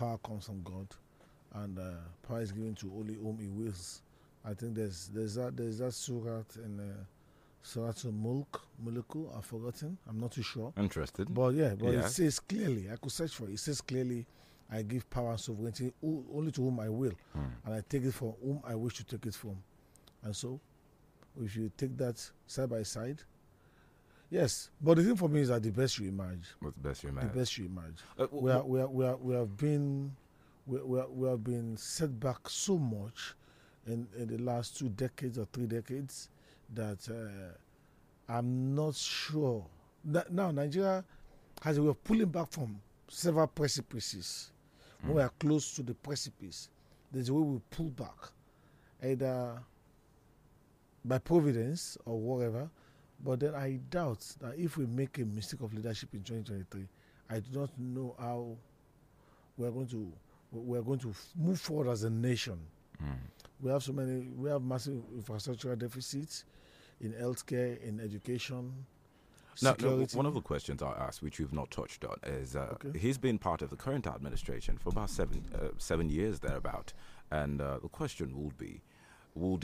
power comes from God, and uh, power is given to only whom He wills. I think there's there's that there's that surat in uh, Surat Mulk Muluku. I've forgotten. I'm not too sure. Interested. But yeah, but yeah. it says clearly. I could search for it. It says clearly. I give power and sovereignty only to whom I will, hmm. and I take it from whom I wish to take it from. And so, if you take that side by side, Yes, but the thing for me is that the best you emerge. What's the best you emerge? The best you emerge. Uh, we, are, we, are, we, are, we have been we, we, we have been set back so much in, in the last two decades or three decades that uh, I'm not sure. that Now Nigeria has we are pulling back from several precipices. Mm. we are close to the precipice, there's a way we pull back, either by providence or whatever but then I doubt that if we make a mistake of leadership in 2023, I do not know how we're going to we're going to move forward as a nation. Mm. We have so many. We have massive infrastructural deficits in healthcare, in education. Now, one of the questions I asked, which you've not touched on, is uh, okay. he's been part of the current administration for about seven uh, seven years thereabout, and uh, the question would be will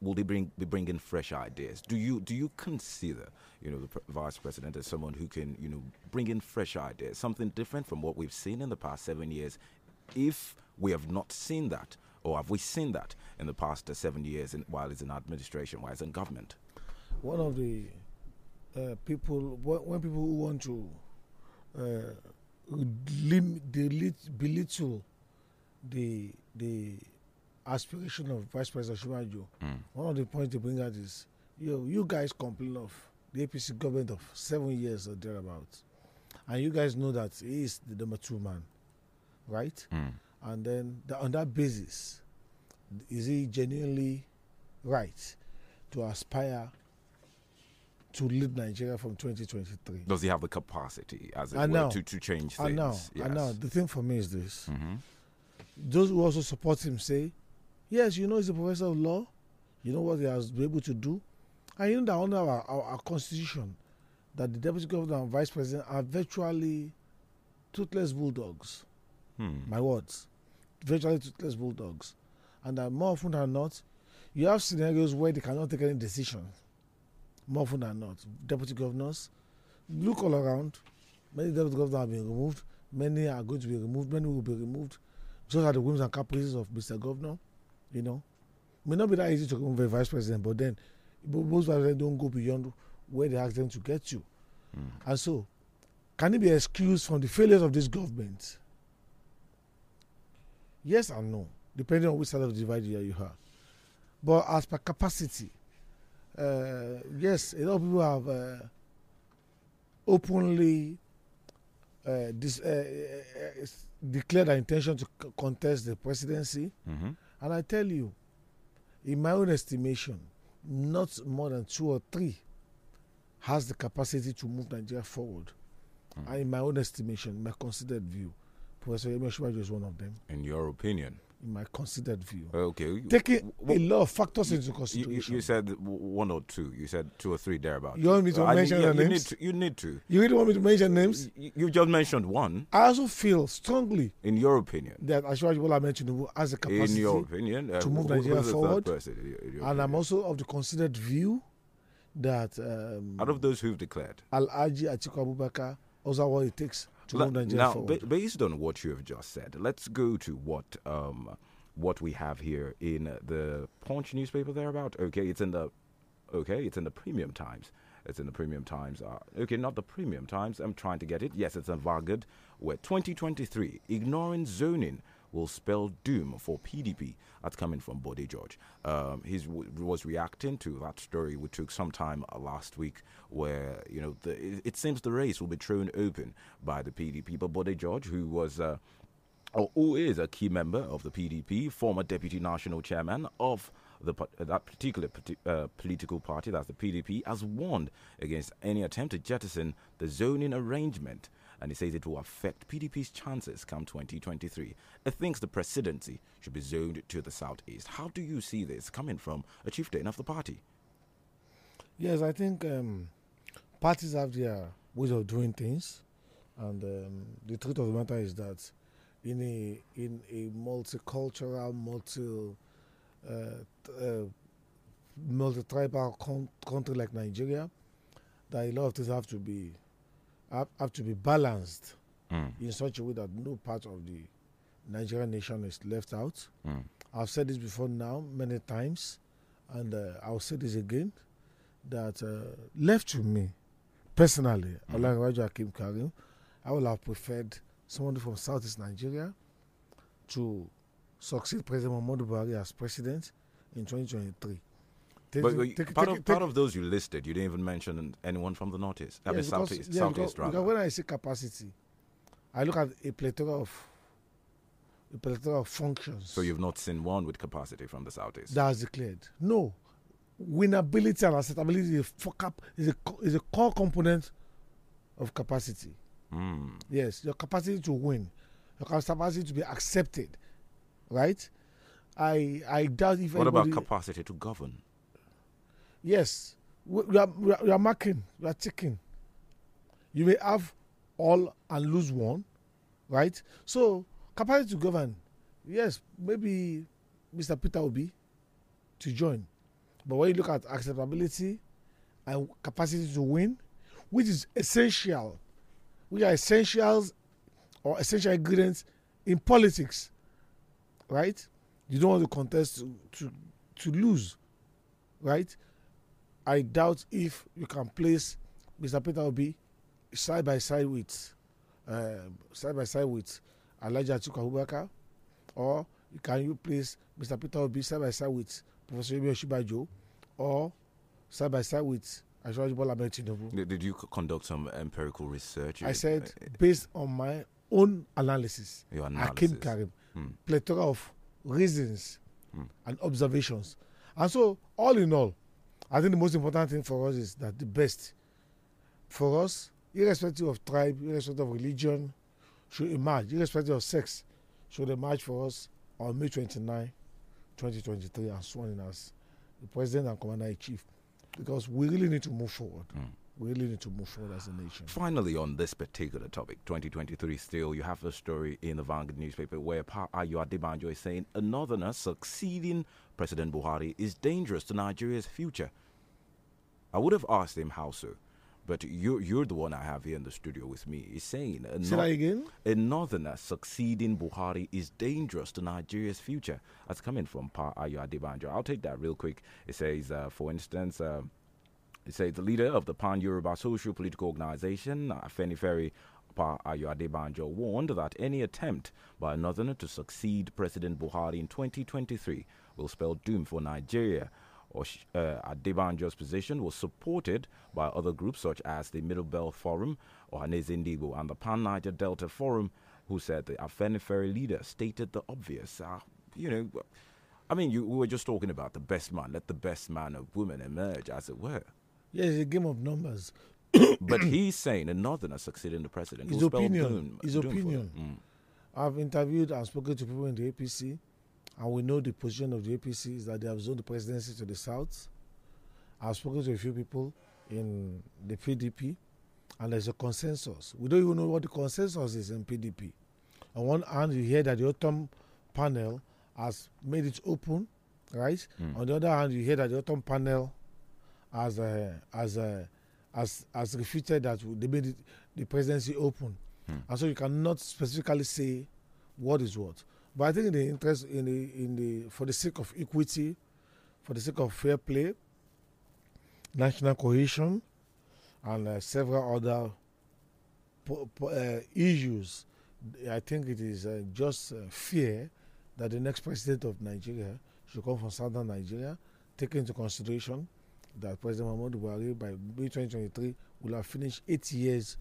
will they bring be bringing fresh ideas? Do you do you consider you know the vice president as someone who can you know bring in fresh ideas, something different from what we've seen in the past seven years? If we have not seen that, or have we seen that in the past seven years while he's in administration, while he's in government? One of the uh, people, when people who want to uh, belittle the the aspiration of Vice President Shimajo, mm. one of the points they bring out is you know, you guys complain of the APC government of seven years or thereabouts. And you guys know that he is the number two man, right? Mm. And then the, on that basis, is he genuinely right to aspire to lead Nigeria from 2023? Does he have the capacity, as it and were, now, to, to change things? I know. Yes. I know. The thing for me is this. Mm -hmm. Those who also support him say Yes, you know he's a professor of law. You know what he has been able to do. And you know that under our, our, our constitution, that the deputy governor and vice president are virtually toothless bulldogs. Hmm. My words. Virtually toothless bulldogs. And that more often than not, you have scenarios where they cannot take any decision. More often than not. Deputy governors, look all around. Many deputy governors have been removed. Many are going to be removed. Many will be removed. Just at the whims and caprices of Mr. Governor. You know, may not be that easy to become a vice president, but then most vice presidents don't go beyond where they ask them to get you. Mm. And so, can it be excused from the failures of this government? Yes and no, depending on which side of the divide you are. But as per capacity, uh, yes, a lot of people have uh, openly uh, dis- uh, uh, declared their intention to contest the presidency. Mm -hmm. And I tell you, in my own estimation, not more than two or three has the capacity to move Nigeria forward. Mm. And in my own estimation, my considered view, Professor Yemi Osinbajo is one of them. In your opinion? in my considered view. Okay. Taking well, a lot of factors you, into consideration. You, you, said one or two. You said two or three thereabouts. You want me to uh, mention I, yeah, names? Need to, you need to. You really want me to mention names? You, you, just mentioned one. I also feel strongly, in your opinion, that Ashwaji Bola mentioned has a capacity, in your opinion, uh, to move Nigeria forward. Person, and I'm also of the considered view that um, out of those who've declared, Al Aji Atiku Abubakar, also what it takes to move Nigeria now, forward. based on what you have just said, let's go to what um, what we have here in the Punch newspaper thereabout. Okay, it's in the okay, it's in the Premium Times. It's in the Premium Times. Uh, okay, not the Premium Times. I'm trying to get it. Yes, it's in Vagad, where 2023 ignoring zoning will spell doom for PDP. That's coming from Bode George. Um, he was reacting to that story, which took some time uh, last week, where you know the, it, it, seems the race will be thrown open by the PDP. But Bode George, who was uh, or who is a key member of the PDP, former deputy national chairman of the, uh, that particular uh, political party, that's the PDP, has warned against any attempt to jettison the zoning arrangement and he says it will affect PDP's chances come 2023. He thinks the presidency should be zoned to the southeast. How do you see this coming from a chieftain of the party? Yes, I think um, parties have their ways of doing things, and um, the truth of the matter is that in a in a multicultural, multi uh, uh, multi-tribal con- country like Nigeria, that a lot of things have to be have, have to be balanced mm. in such a way that no part of the Nigerian nation is left out. Mm. I've said this before now many times, and uh, I'll say this again that uh, left to me personally, mm. Akim Karim, I would have preferred someone from Southeast Nigeria to succeed President Muhammadu Buhari as president in 2023. Did but you, part, take, of, take, of those you listed, you didn't even mention anyone from the northeast. I mean, because, southeast, yeah, southeast because, because when I say capacity, I look at a plethora of a plethora of functions. So you've not seen one with capacity from the southeast. That is declared no winnability and acceptability is a, is a, is a core component of capacity. Mm. Yes, your capacity to win, your capacity to be accepted, right? I I doubt if. What anybody, about capacity to govern? Yes, we are, we, are, we are marking, we are ticking. You may have all and lose one, right? So, capacity to govern, yes, maybe Mr. Peter will be to join. But when you look at acceptability and capacity to win, which is essential, which are essentials or essential ingredients in politics, right? You don't want to contest to, to, to lose, right? I doubt if you can place Mr. Peter Obi side by side with uh, side by side with Elijah Chukwuka, or can you place Mr. Peter Obi side by side with Professor Yemi Oshibajo, or side by side with Ashwaji Bola Did you conduct some empirical research? I uh, said uh, based on my own analysis, Your analysis. Akim Karim, hmm. plethora of reasons hmm. and observations, and so all in all I think the most important thing for us is that the best for us, irrespective of tribe, irrespective of religion, should emerge, irrespective of sex, should emerge for us on May 29, 2023, and sworn in as the president and commander in chief. Because we really need to move forward. Mm really need to move forward as a nation. Finally, on this particular topic, 2023 still, you have a story in the Vanguard newspaper where Pa Ayu Adebanjo is saying a northerner succeeding President Buhari is dangerous to Nigeria's future. I would have asked him how so, but you, you're the one I have here in the studio with me. He's saying a, Say no again? a northerner succeeding Buhari is dangerous to Nigeria's future. That's coming from Pa Ayu Adebanjo. I'll take that real quick. It says, uh, for instance... Uh, they say the leader of the Pan Yoruba social political organization, Afeni uh, Ferry Pa Ayo warned that any attempt by another northerner to succeed President Buhari in 2023 will spell doom for Nigeria. Osh, uh, Adebanjo's position was supported by other groups such as the Middle Belt Forum, Ohanese and the Pan Niger Delta Forum, who said the Afenifere leader stated the obvious. Uh, you know, I mean, you, we were just talking about the best man, let the best man of women emerge, as it were. Yeah, it's a game of numbers. but he's saying a northerner succeeding the president. His opinion. Doom, his doom opinion. Mm. I've interviewed and spoken to people in the APC, and we know the position of the APC is that they have zoned the presidency to the south. I've spoken to a few people in the PDP, and there's a consensus. We don't even know what the consensus is in PDP. On one hand, you hear that the autumn panel has made it open, right? Mm. On the other hand, you hear that the autumn panel as a, as a, as as refuted that they made it, the presidency open, hmm. and so you cannot specifically say what is what. But I think in the interest in the in the for the sake of equity, for the sake of fair play, national cohesion, and uh, several other uh, issues, I think it is uh, just uh, fair that the next president of Nigeria should come from southern Nigeria, take into consideration that President Mahmoud Buhari by May 2023 will have finished eight years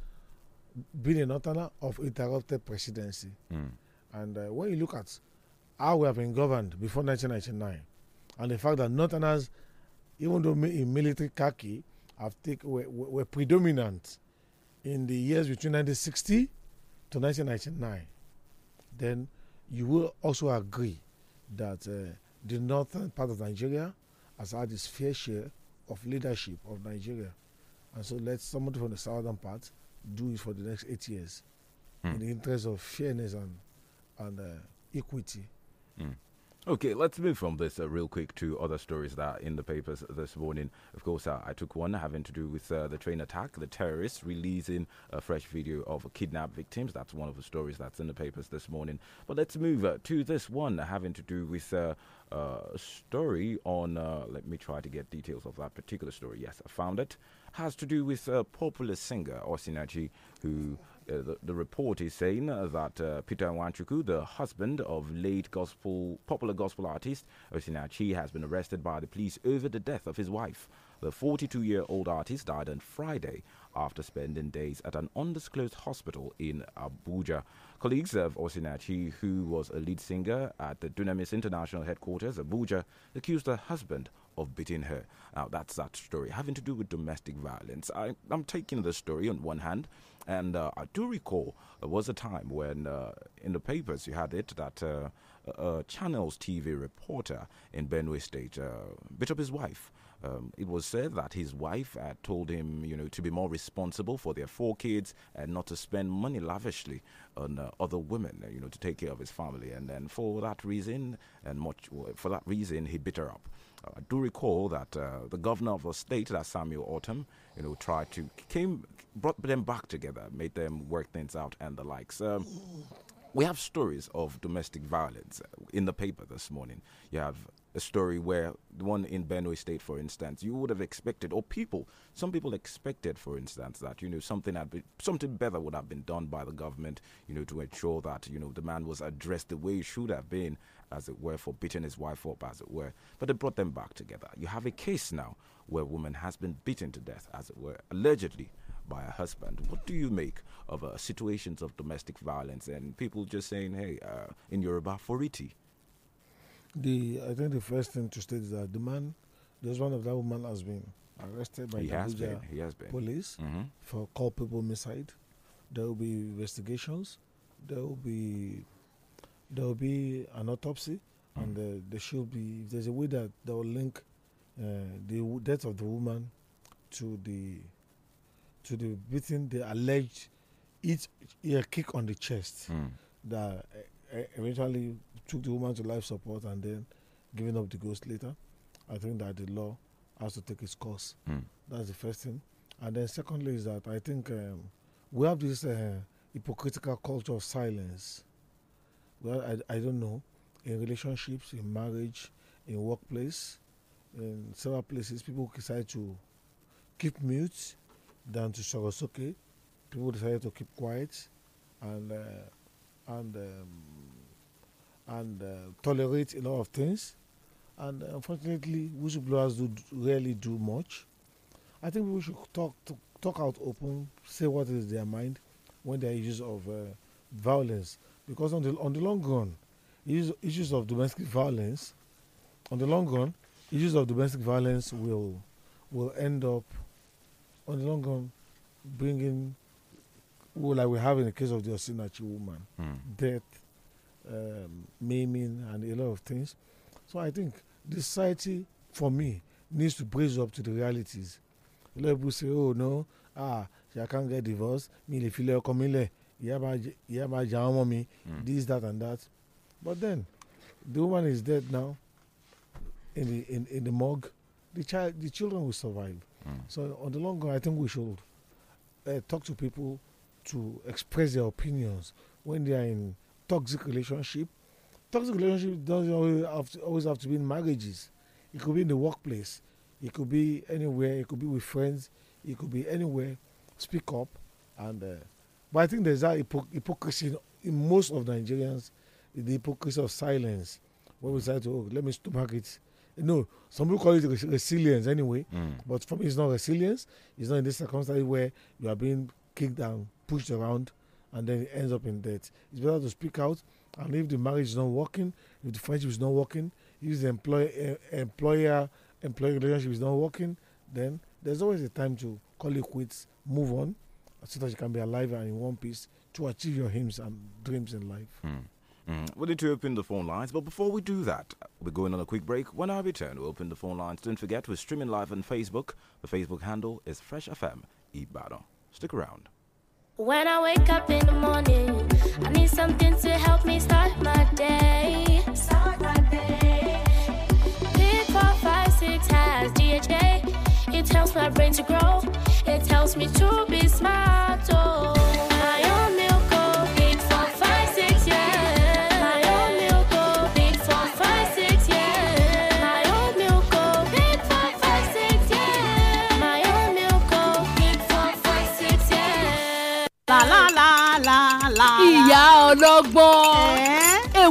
being an alternate of interrupted presidency. Mm. And uh, when you look at how we have been governed before 1999, and the fact that Northerners, even though in military khaki, have take, were, were predominant in the years between 1960 to 1999, then you will also agree that uh, the northern part of Nigeria has had its fair share of leadership of Nigeria. And so let somebody from the southern part do it for the next eight years mm. in the interest of fairness and, and uh, equity. Mm. Okay, let's move from this uh, real quick to other stories that are in the papers this morning. Of course, uh, I took one having to do with uh, the train attack, the terrorists releasing a fresh video of kidnapped victims. That's one of the stories that's in the papers this morning. But let's move uh, to this one having to do with uh, a story on, uh, let me try to get details of that particular story. Yes, I found it. Has to do with a popular singer, Osinachi, who uh, the, report is saying uh, that uh, Peter Wanchuku, the husband of late gospel popular gospel artist Osinachi, has been arrested by the police over the death of his wife. The 42 year old artist died on Friday after spending days at an undisclosed hospital in Abuja. Colleagues of Osinachi, who was a lead singer at the Dunamis International Headquarters, Abuja, accused her husband of beating her. Now, that's that story having to do with domestic violence. I, am taking the story on one hand and uh, I do recall there was a time when uh, in the papers you had it that uh, Channels TV reporter in Benue State uh, bit up his wife um, it was said that his wife had told him, you know, to be more responsible for their four kids and not to spend money lavishly on uh, other women, uh, you know, to take care of his family. And then for that reason, and much for that reason, he bit her up. Uh, I do recall that uh, the governor of the state, that Samuel Autumn, you know, tried to came brought them back together, made them work things out and the likes. Um, we have stories of domestic violence in the paper this morning. You have a story where the one in Benue State, for instance, you would have expected, or people, some people expected, for instance, that you know something had been, something better would have been done by the government, you know, to ensure that you know the man was addressed the way he should have been, as it were, for beating his wife up, as it were. But they brought them back together. You have a case now where a woman has been beaten to death, as it were, allegedly by a husband. What do you make of uh, situations of domestic violence and people just saying, hey, uh, in Yoruba, foriti? The, I think the first thing to state is that the man, the husband of that woman has been arrested by the been, he has been. police mm -hmm. for culpable homicide. There will be investigations. There will be there will be an autopsy, mm. and uh, there should be if there's a way that they will link uh, the death of the woman to the to the beating, the alleged each kick on the chest mm. that eh, eh, eventually took the woman to life support and then giving up the ghost later. I think that the law has to take its course. Mm. That's the first thing. And then secondly is that I think um, we have this uh, hypocritical culture of silence. Well, I, I don't know in relationships, in marriage, in workplace, in several places, people decide to keep mute down to Shorosuke. People decided to keep quiet and uh, and um, and uh, tolerate a lot of things. And uh, unfortunately, whistleblowers do rarely do much. I think we should talk to, talk out open, say what is their mind when there are issues of uh, violence, because on the on the long run, issues, issues of domestic violence, on the long run, issues of domestic violence will will end up on the long run, bringing, well, like we have in the case of the Osinachi woman, mm. death, um, maiming, and a lot of things. So I think the society, for me, needs to brace up to the realities. A lot of people say, oh, no, ah, I can't get divorced. Me, le file ọkọ mi hmm. this, that, and that. But then, the woman is dead now in the, in, in the morgue. The, child, the children will survive. So, on the long run, I think we should uh, talk to people to express their opinions when they are in toxic relationship. Toxic relationship doesn't always have to, always have to be in marriages. It could be in the workplace. It could be anywhere. It could be with friends. It could be anywhere. Speak up, and uh, but I think there's that hypocrisy in, in, most of Nigerians, the hypocrisy of silence. When we say to, oh, let me stomach it, no, some people call it resilience anyway, mm. but for me, it's not resilience. It's not in this circumstance where you are being kicked down, pushed around, and then it ends up in debt. It's better to speak out. And if the marriage is not working, if the friendship is not working, if the employer employer eh, employer employee relationship is not working, then there's always a time to call it quits, move on, so that you can be alive and in one piece to achieve your aims and dreams in life. Mm. Mm. We need to open the phone lines, but before we do that, we're going on a quick break. When I return, we'll open the phone lines. Don't forget, we're streaming live on Facebook. The Facebook handle is Fresh FM Ibadan. Stick around. When I wake up in the morning, I need something to help me start my day. Start my day. Pick four, five, six has DHA. It helps my brain to grow. It helps me to be smart. Oh. ọlọ́gbọ́n.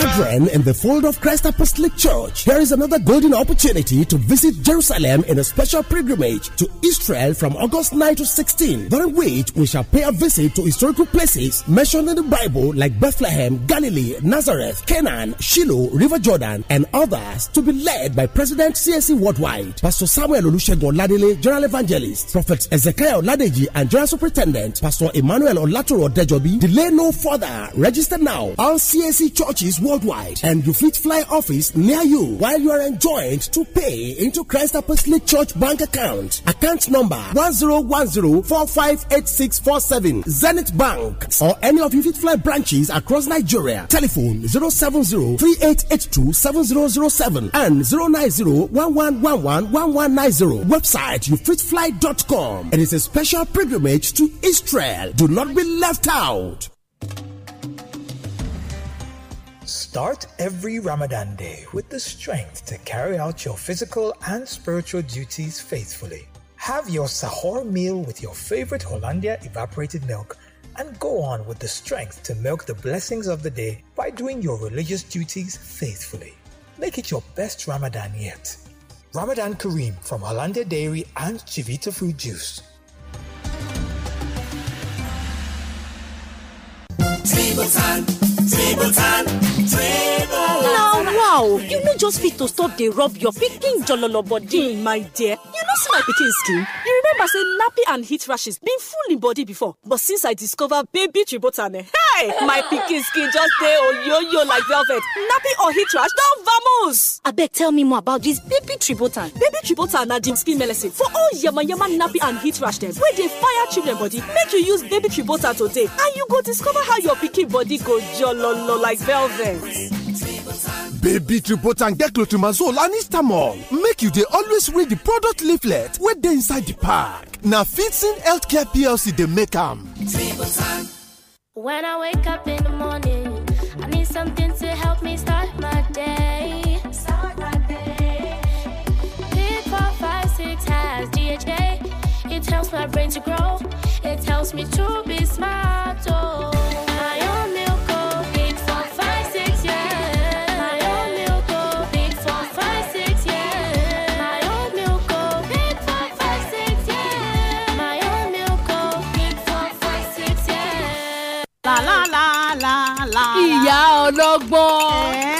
brethren in the fold of Christ Apostolic Church, there is another golden opportunity to visit Jerusalem in a special pilgrimage to Israel from August 9 to 16, during which we shall pay a visit to historical places mentioned in the Bible like Bethlehem, Galilee, Nazareth, Canaan, Shiloh, River Jordan, and others to be led by President CSE Worldwide, Pastor Samuel Olusegun Ladile, General Evangelist, Prophet Ezekiel Oladeji, and General Superintendent, Pastor Emmanuel Olatoro Dejobi. Delay no further. Register now. All CSE churches will worldwide and you fit fly office near you while you are enjoined to pay into Christ Apostolic Church bank account. Account number 1010458647 Zenith Bank or any of you fit fly branches across Nigeria. Telephone 07038827007 and 09011111190. Website you and It is a special pilgrimage to Israel. Do not be left out. Start every Ramadan day with the strength to carry out your physical and spiritual duties faithfully. Have your sahur meal with your favorite Hollandia evaporated milk and go on with the strength to milk the blessings of the day by doing your religious duties faithfully. Make it your best Ramadan yet. Ramadan Kareem from Hollandia Dairy and Chivita Fruit Juice. Table time. now wow you know just fit to stop dey rub your picking jololo body hmm, my dear you know see my pikin skin you remember say nappy and heat rashes been full in body before but since i discover baby tribotan eh my picking skin just there on yo yo like velvet nappy or heat rash don't vamos abeg tell me more about this baby tribotan baby tribotan na di skin medicine for all yama yama nappy and heat rash them. wey they fire children body make you use baby tribotan today and you go discover how your picking body go jollo lo like velvet baby Tribotan get clotrimazole and istamol make you they always read the product leaflet wey they inside the pack Now fitson healthcare plc dey make am when i wake up in the morning i need something to help me start my day start my day pick four five six has dha it helps my brain to grow it helps me to be smart oh. ọlọ́gbọ́n.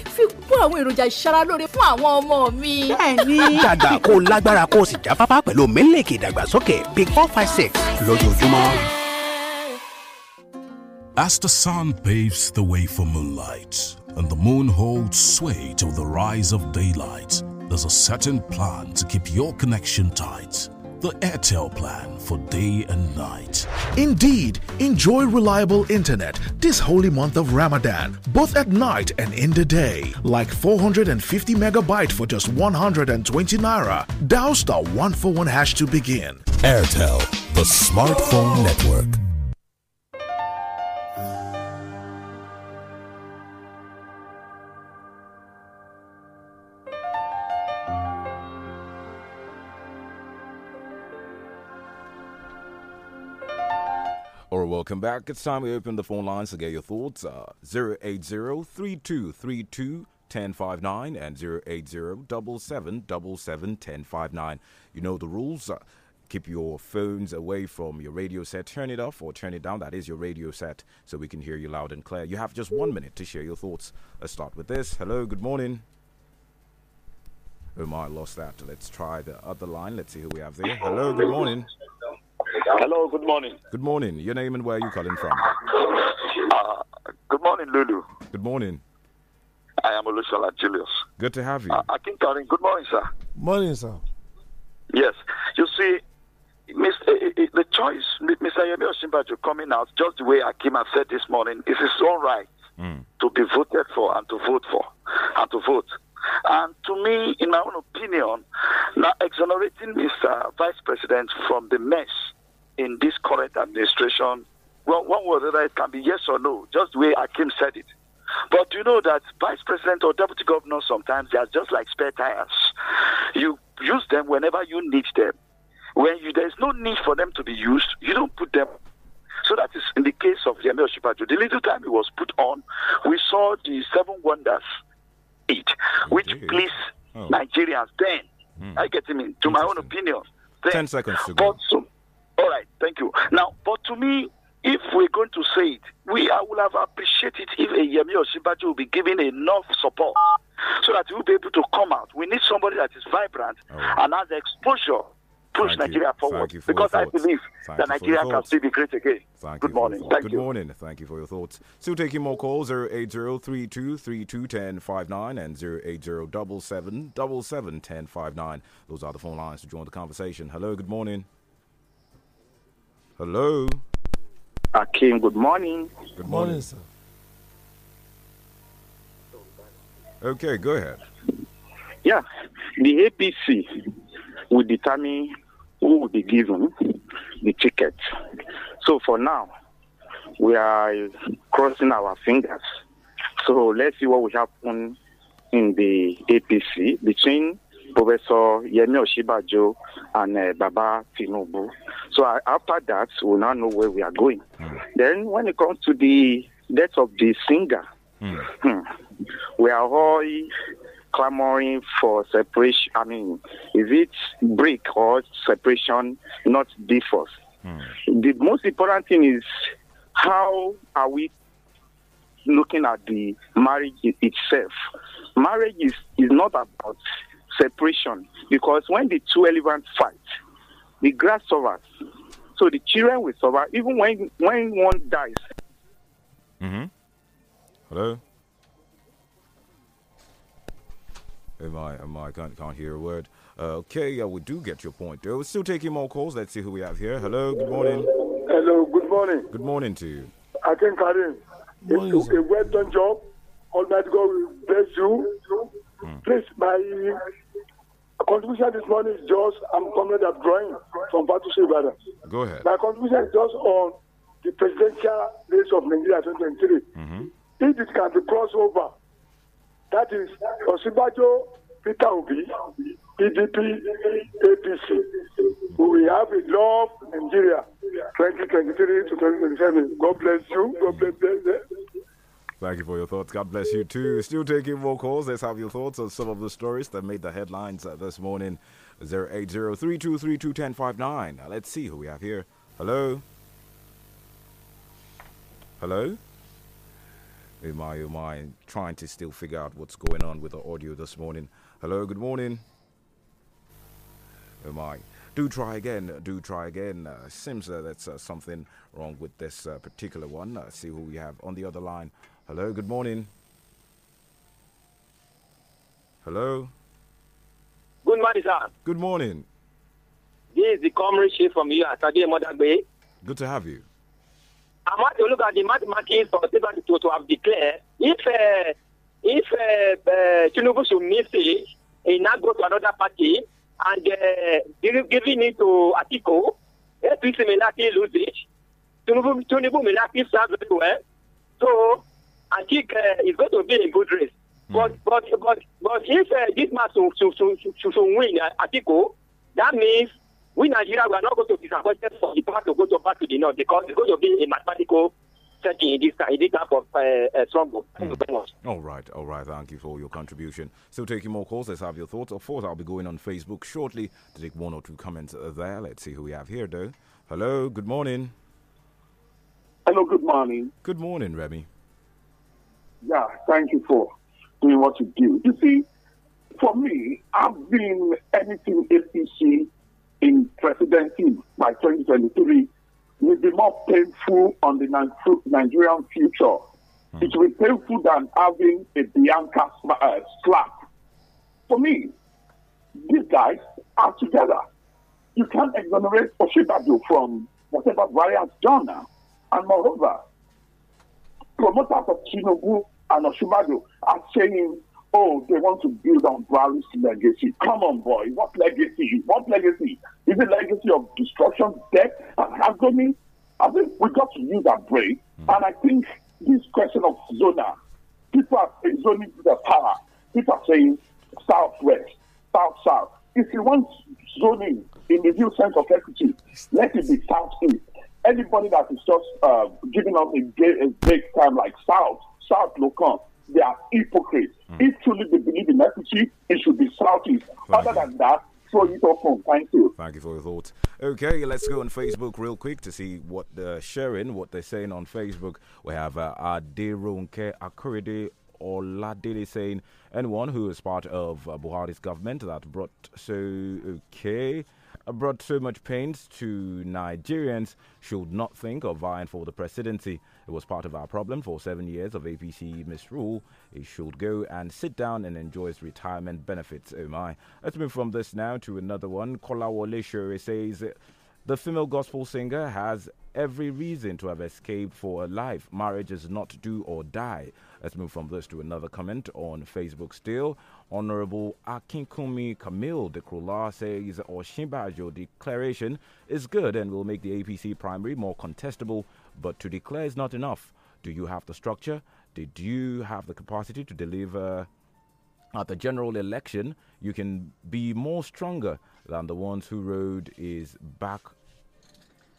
fi kún àwọn èròjà ìṣaralóore fún àwọn ọmọ mi. bẹ́ẹ̀ni. dàgbà kó lágbára kó sì jáfáfá pẹ̀lú mílíkì ìdàgbàsókè big four five six lójoojúmọ́. As the sun paves the way for moonlight, and the moon holds sway till the rise of daylight, there's a certain plan to keep your connection tight the Airtel plan for day and night. Indeed, enjoy reliable internet this holy month of Ramadan, both at night and in the day. Like 450 megabyte for just 120 naira. Dial star 141 hash to begin. Airtel, the smartphone network. Welcome back. It's time we open the phone lines to get your thoughts. Uh, 080-3232-1059 and 080-777-1059. You know the rules. Uh, keep your phones away from your radio set. Turn it off or turn it down. That is your radio set so we can hear you loud and clear. You have just one minute to share your thoughts. Let's start with this. Hello, good morning. Oh I lost that. Let's try the other line. Let's see who we have there. Hello, good morning. Hello, good morning. Good morning. Your name and where are you calling from? Uh, good morning, Lulu. Good morning. I am Olusola Julius. Good to have you. Uh, think Karim, good morning, sir. Morning, sir. Yes. You see, Mister, eh, eh, eh, the choice, Mr. Yemi Osinbajo, coming out just the way Akima said this morning, is his own right mm. to be voted for and to vote for and to vote. And to me, in my own opinion, now exonerating Mr. Vice President from the mess in this current administration, well, one word or it can be yes or no, just the way Akim said it. But you know that vice president or deputy governor sometimes they are just like spare tires. You use them whenever you need them. When you, there is no need for them to be used, you don't put them so that is in the case of Yemi Oshibajo. The little time he was put on, we saw the seven wonders eat, which okay. pleased oh. Nigerians then. I get him in, to my own opinion. Then. Ten seconds to go. But, so, right, thank you. Now, but to me, if we're going to say it, we I would have appreciated if a Yemi Osinbajo will be given enough support so that we'll be able to come out. We need somebody that is vibrant right. and has exposure push Thank Nigeria you. forward. For because I believe Thank that Nigeria can still be great again. Thank Good morning. Thank Good you. morning. Thank you for your thoughts. Still taking more calls 08032321059 and 08077771059. Those are the phone lines to join the conversation. Hello, good morning. Hello. Akim, good morning. Good morning, morning, sir. Okay, go ahead. Yeah, the APC will determine who will be given the ticket. So for now, we are crossing our fingers. So let's see what will happen in the APC between Professor Yemi Oshibajo and uh, Baba Tinubu. So uh, after that, we now know where we are going. Mm. Then when it comes to the death of the singer, mm. we are all clamoring for separation. I mean, is it break or separation, not divorce? Mm. The most important thing is how are we looking at the marriage itself? Marriage is, is not about separation because when the two elephants fight, the grass survives. So the children will survive even when when one dies. Mm-hmm. Hello. Am I? Am I? Can't can't hear a word. Uh, okay, yeah, we do get your point uh, We're still taking more calls. Let's see who we have here. Hello. Good morning. Hello. Good morning. Good morning to you. I can Karim. It's a well done job. Almighty God will bless you. Mm. Please, my contribution this morning is just I'm coming up drawing from Batusi Ibadan. Go ahead. My contribution is just on the presidential race of Nigeria 2023. Mm-hmm. If it can be crossed over, that is Osibajo, Peter Obi, PDP, APC. We have a love Nigeria 2023 to 2027. God bless you. God bless them. Thank you for your thoughts. God bless you too. Still taking more calls. Let's have your thoughts on some of the stories that made the headlines uh, this morning. 08032321059. Now let's see who we have here. Hello. Hello. Oh my, oh my. trying to still figure out what's going on with the audio this morning? Hello, good morning. Oh my. Do try again. Do try again. Uh, seems uh, that's uh, something wrong with this uh, particular one. Uh, see who we have on the other line. Hello, good morning. Hello. Good morning, sir. Good morning. This is the comrade chief from here, Sadia Bay. Good to have you. I want to look at the mathematics for people to, to have declared if uh, if uh, uh, Tinubu should miss it, he now go to another party and uh, giving it to Atiko, APC may not lose it. Tinubu, Tinubu may likely serve very well. So I think uh, it's going to be a good race. Mm. But but but but if uh, this match should, should, should, should win uh, Atiko, that means we Nigeria we are not going to be disappointed for the path to go to back to the north because it's going to be a mathematical setting in this, in this type of uh, uh, struggle. Mm. All right, all right. Thank you for your contribution. Still taking more calls. Let's have your thoughts. Of course, I'll be going on Facebook shortly to take one or two comments uh, there. Let's see who we have here, though. Hello, good morning. Hello, good morning. Good morning, Remy yeah, thank you for doing what you do. You see, for me, I've been anything APC in presidency by 2023 will be more painful on the Nigerian future. Mm. It will be painful than having a Bianca uh, slap. For me, these guys are together. You can't exonerate Oshibado from whatever various done. And moreover, promoters of Chinobu and Oshimado are saying, oh, they want to build on Buhari's legacy. Come on, boy. What legacy? What legacy? Is it legacy of destruction, death, and agony? I think we got to use our brain. Hmm. And I think this question of zona, people are zoning to the power. People are saying southwest, south south. If you want zoning in the new sense of equity, let it be southeast. Anybody that is just uh, giving us a, a big time like south South Lokan, they are hypocrites. Mm. If truly they believe in equity, it should be Southeast. Thank Other you. than that, throw it off from Thank you for your thoughts. Okay, let's go on Facebook real quick to see what they're sharing, what they're saying on Facebook. We have uh, Adirunke Akuride Oladele saying, anyone who is part of uh, Buhari's government that brought so okay uh, brought so much pain to Nigerians should not think of vying for the presidency. It was part of our problem for seven years of APC misrule. He should go and sit down and enjoy his retirement benefits. Oh my. Let's move from this now to another one. Kolawole Shere says the female gospel singer has every reason to have escaped for a life. Marriage is not do or die. Let's move from this to another comment on Facebook still. Honorable Akinkumi Camille de Krula says Oshimbajo declaration is good and will make the APC primary more contestable but to declare is not enough. Do you have the structure? Did you have the capacity to deliver? At the general election, you can be more stronger than the ones who rode is back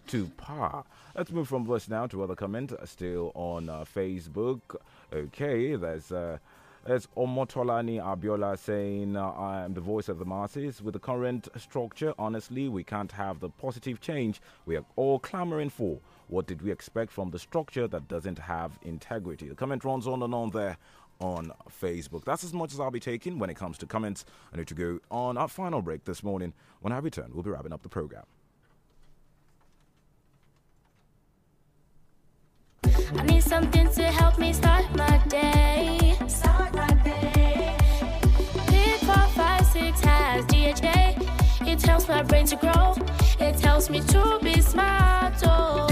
to par. Let's move from this now to other comments. Uh, still on uh, Facebook. Okay, there's uh, there's Omotolani Abiola saying, uh, I am the voice of the masses. With the current structure, honestly, we can't have the positive change we are all clamoring for. What did we expect from the structure that doesn't have integrity? The comment runs on and on there on Facebook. That's as much as I'll be taking when it comes to comments. I need to go on our final break this morning. When I return, we'll be wrapping up the program. I need something to help me start my day. Start my day. Pick four, five, six has DHA. It helps my brain to grow. It helps me to be smart. Oh.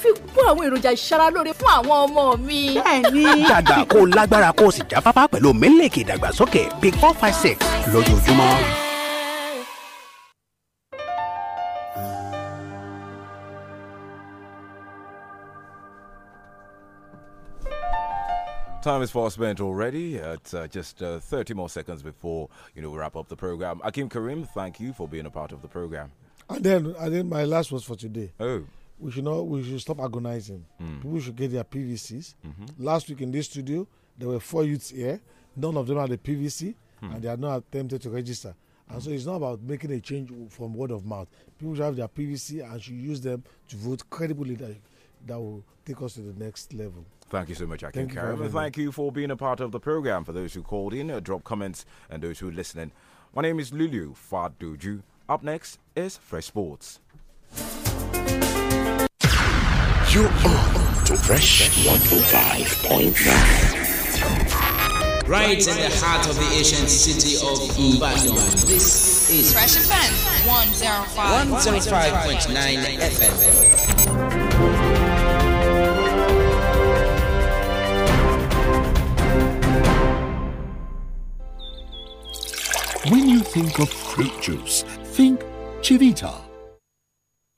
fi kún àwọn èròjà ìṣaralóore fún àwọn ọmọ mi. bẹ́ẹ̀ni. dàgbà kó lágbára kó o sì pẹ̀lú mílíkì ìdàgbàsókè big four five six lójoojúmọ́. Time is far spent already. It's uh, just uh, 30 more seconds before you know we wrap up the program. Akim Karim, thank you for being a part of the program. And then I think my last was for today. Oh we should not we should stop agonizing. Mm. People should get their PVCs. Mm -hmm. Last week in this studio, there were four youths here. None of them had a PVC, mm. and they are not attempted to register. And so it's not about making a change from word of mouth. People should have their PVC and should use them to vote credibly. That, that will take us to the next level. Thank you so much, Akin Thank Karim. You Thank you for being a part of the program. For those who called in, uh, drop comments, and those who are listening. My name is Lulu Fadoju. Up next is Fresh Sports. You are to Fresh 105.9. Right in the heart of the ancient city of Ibadan. This is Fresh Offense 105.9 FM. When you think of fruit juice, think Chivita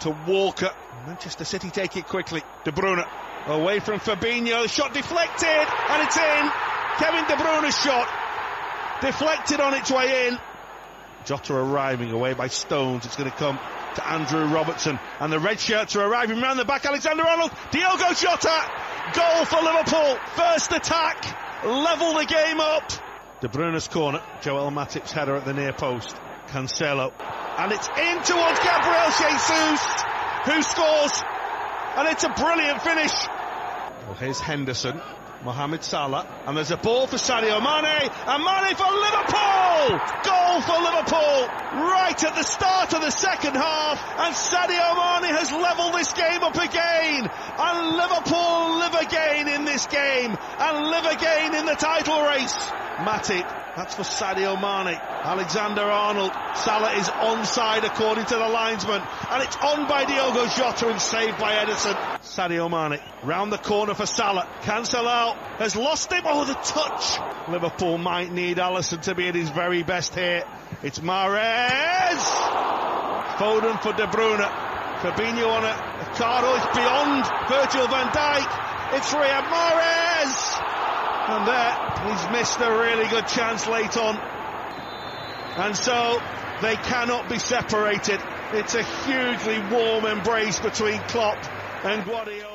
to Walker. Manchester City take it quickly. De Bruyne away from Fabinho. Shot deflected and it's in. Kevin De Bruyne's shot deflected on its way in. Jota arriving away by Stones. It's going to come to Andrew Robertson. And the red shirts are arriving round the back. Alexander Arnold. Diogo Jota. Goal for Liverpool. First attack. Level the game up. De Bruyne's corner. Joel Matip's header at the near post. Cancelo. And it's in towards Gabriel Jesus, who scores. And it's a brilliant finish. Well, here's Henderson, Mohamed Salah. And there's a ball for Sadio Mane. And Mane for Liverpool! Goal for Liverpool! Right at the start of the second half. And Sadio Mane has levelled this game up again. And Liverpool live again in this game. And live again in the title race. Matic, that's for Sadio Mane, Alexander Arnold, Salah is onside according to the linesman, and it's on by Diogo Jota and saved by Edison. Sadio Mane, round the corner for Salah, cancel out, has lost him, oh the touch! Liverpool might need Allison to be at his very best here, it's Mahrez! Foden for De Bruyne, Fabinho on it, Ricardo is beyond Virgil van Dijk, it's Riyad Mahrez! And there, he's missed a really good chance late on. And so, they cannot be separated. It's a hugely warm embrace between Klopp and Guardiola.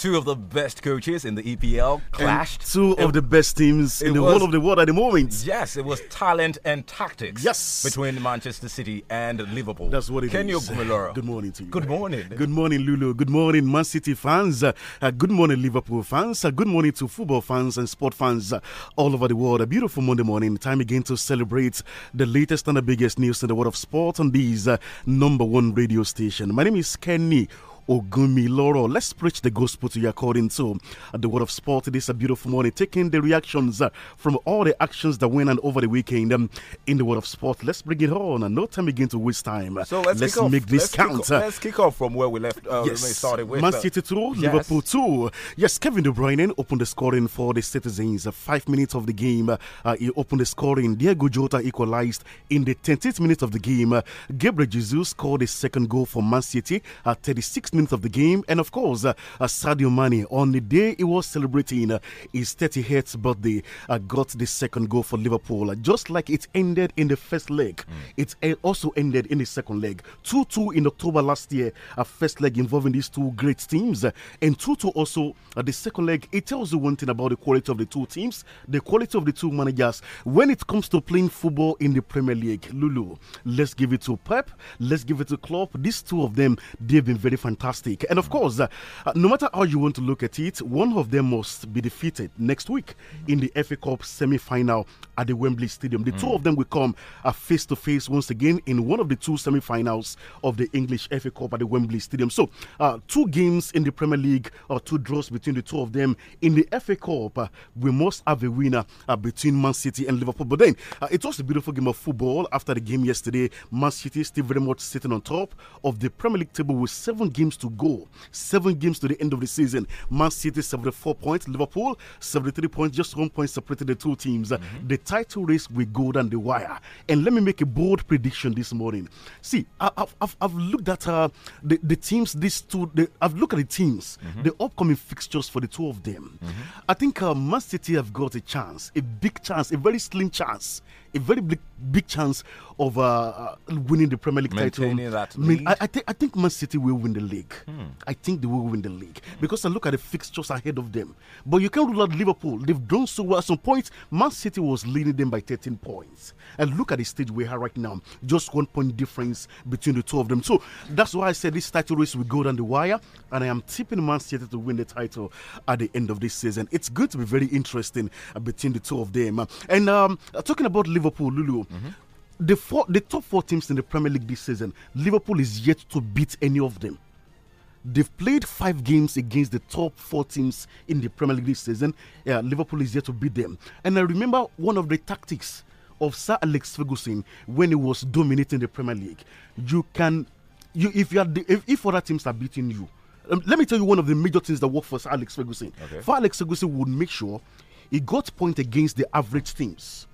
two of the best coaches in the EPL clashed. And two it, of the best teams in the was, whole of the world at the moment. Yes, it was talent and tactics. Yes, between Manchester City and Liverpool. That's what it Kenyo is. Gumiloro. Good morning to you. Good morning. Good morning, Lulu. Good morning, Man City fans. Uh, good morning, Liverpool fans. Uh, good morning to football fans and sport fans uh, all over the world. A beautiful Monday morning. Time again to celebrate the latest and the biggest news in the world of sport on these uh, number one radio station. My name is Kenny. Ogumi Loro. Let's preach the gospel to you according to the word of sport this a beautiful morning. Taking the reactions uh, from all the actions that went on over the weekend um, in the world of sport. Let's bring it on. and No time again to waste time. So let's, let's make this let's count. Kick let's kick off from where we left. Uh, yes. We started with Man uh, City two, yes. Liverpool two. Yes, Kevin De Bruyne opened the scoring for the citizens. Uh, five minutes of the game, uh, he opened the scoring. Diego Jota equalized in the 10th minute of the game. Gabriel Jesus scored the second goal for Man City at 36 minutes of the game. And of course, uh, uh, Sadio Mane, on the day he was celebrating uh, his 30th birthday, uh, got the second goal for Liverpool. just like it ended in the first leg, mm. it also ended in the second leg. 2 2 in October last year, a first leg involving these two great teams. and 2 2 also, the second leg, it tells you one thing about the quality of the two teams, the quality of the two managers. When it comes to playing football in the Premier League, Lulu, let's give it to Pep, let's give it to Klopp. These two of them, they've been very fantastic fantastic. And of course, uh, uh, no matter how you want to look at it, one of them must be defeated next week in the FA Cup semi final at the Wembley Stadium. The mm. two hmm. of them will come face to face once again in one of the two semi finals of the English FA Cup at the Wembley Stadium. So, uh, two games in the Premier League, or two draws between the two of them. In the FA Cup, uh, we must have a winner between Man City and Liverpool. But then, it was a beautiful game of football after the game yesterday. Man City still very much sitting on top of the Premier League table with seven games games to go, seven games to the end of the season. Man City 74 points, Liverpool 73 points, just one point separated the two teams. Mm -hmm. The title race will go down the wire. And let me make a bold prediction this morning. See, I, have I've looked at uh, the, the teams, these two, the, I've looked at the teams, mm -hmm. the upcoming fixtures for the two of them. Mm -hmm. I think uh, Man City have got a chance, a big chance, a very slim chance a very big, big chance of uh, uh winning the Premier League Maintaining title. I, mean, I, I, th I, think Man City will win the league. Hmm. I think they will win the league hmm. because I look at the fixtures ahead of them. But you can't rule out Liverpool. They've done so well. At some point, Man City was leading them by 13 points. And look at the stage we are right now. Just one point difference between the two of them. So that's why I said this title race will go down the wire. And I am tipping Man City to win the title at the end of this season. It's going to be very interesting uh, between the two of them. And um, talking about Liverpool. Liverpool, Lulu. Mm -hmm. The, four, the top four teams in the Premier League this season, Liverpool is yet to beat any of them. They've played five games against the top four teams in the Premier League this season. Yeah, Liverpool is yet to beat them. And I remember one of the tactics of Sir Alex Ferguson when he was dominating the Premier League. You can, you if you are the, if, if other teams are beating you, um, let me tell you one of the major things that worked for Sir Alex Ferguson. Okay. For Alex Ferguson would make sure he got point against the average teams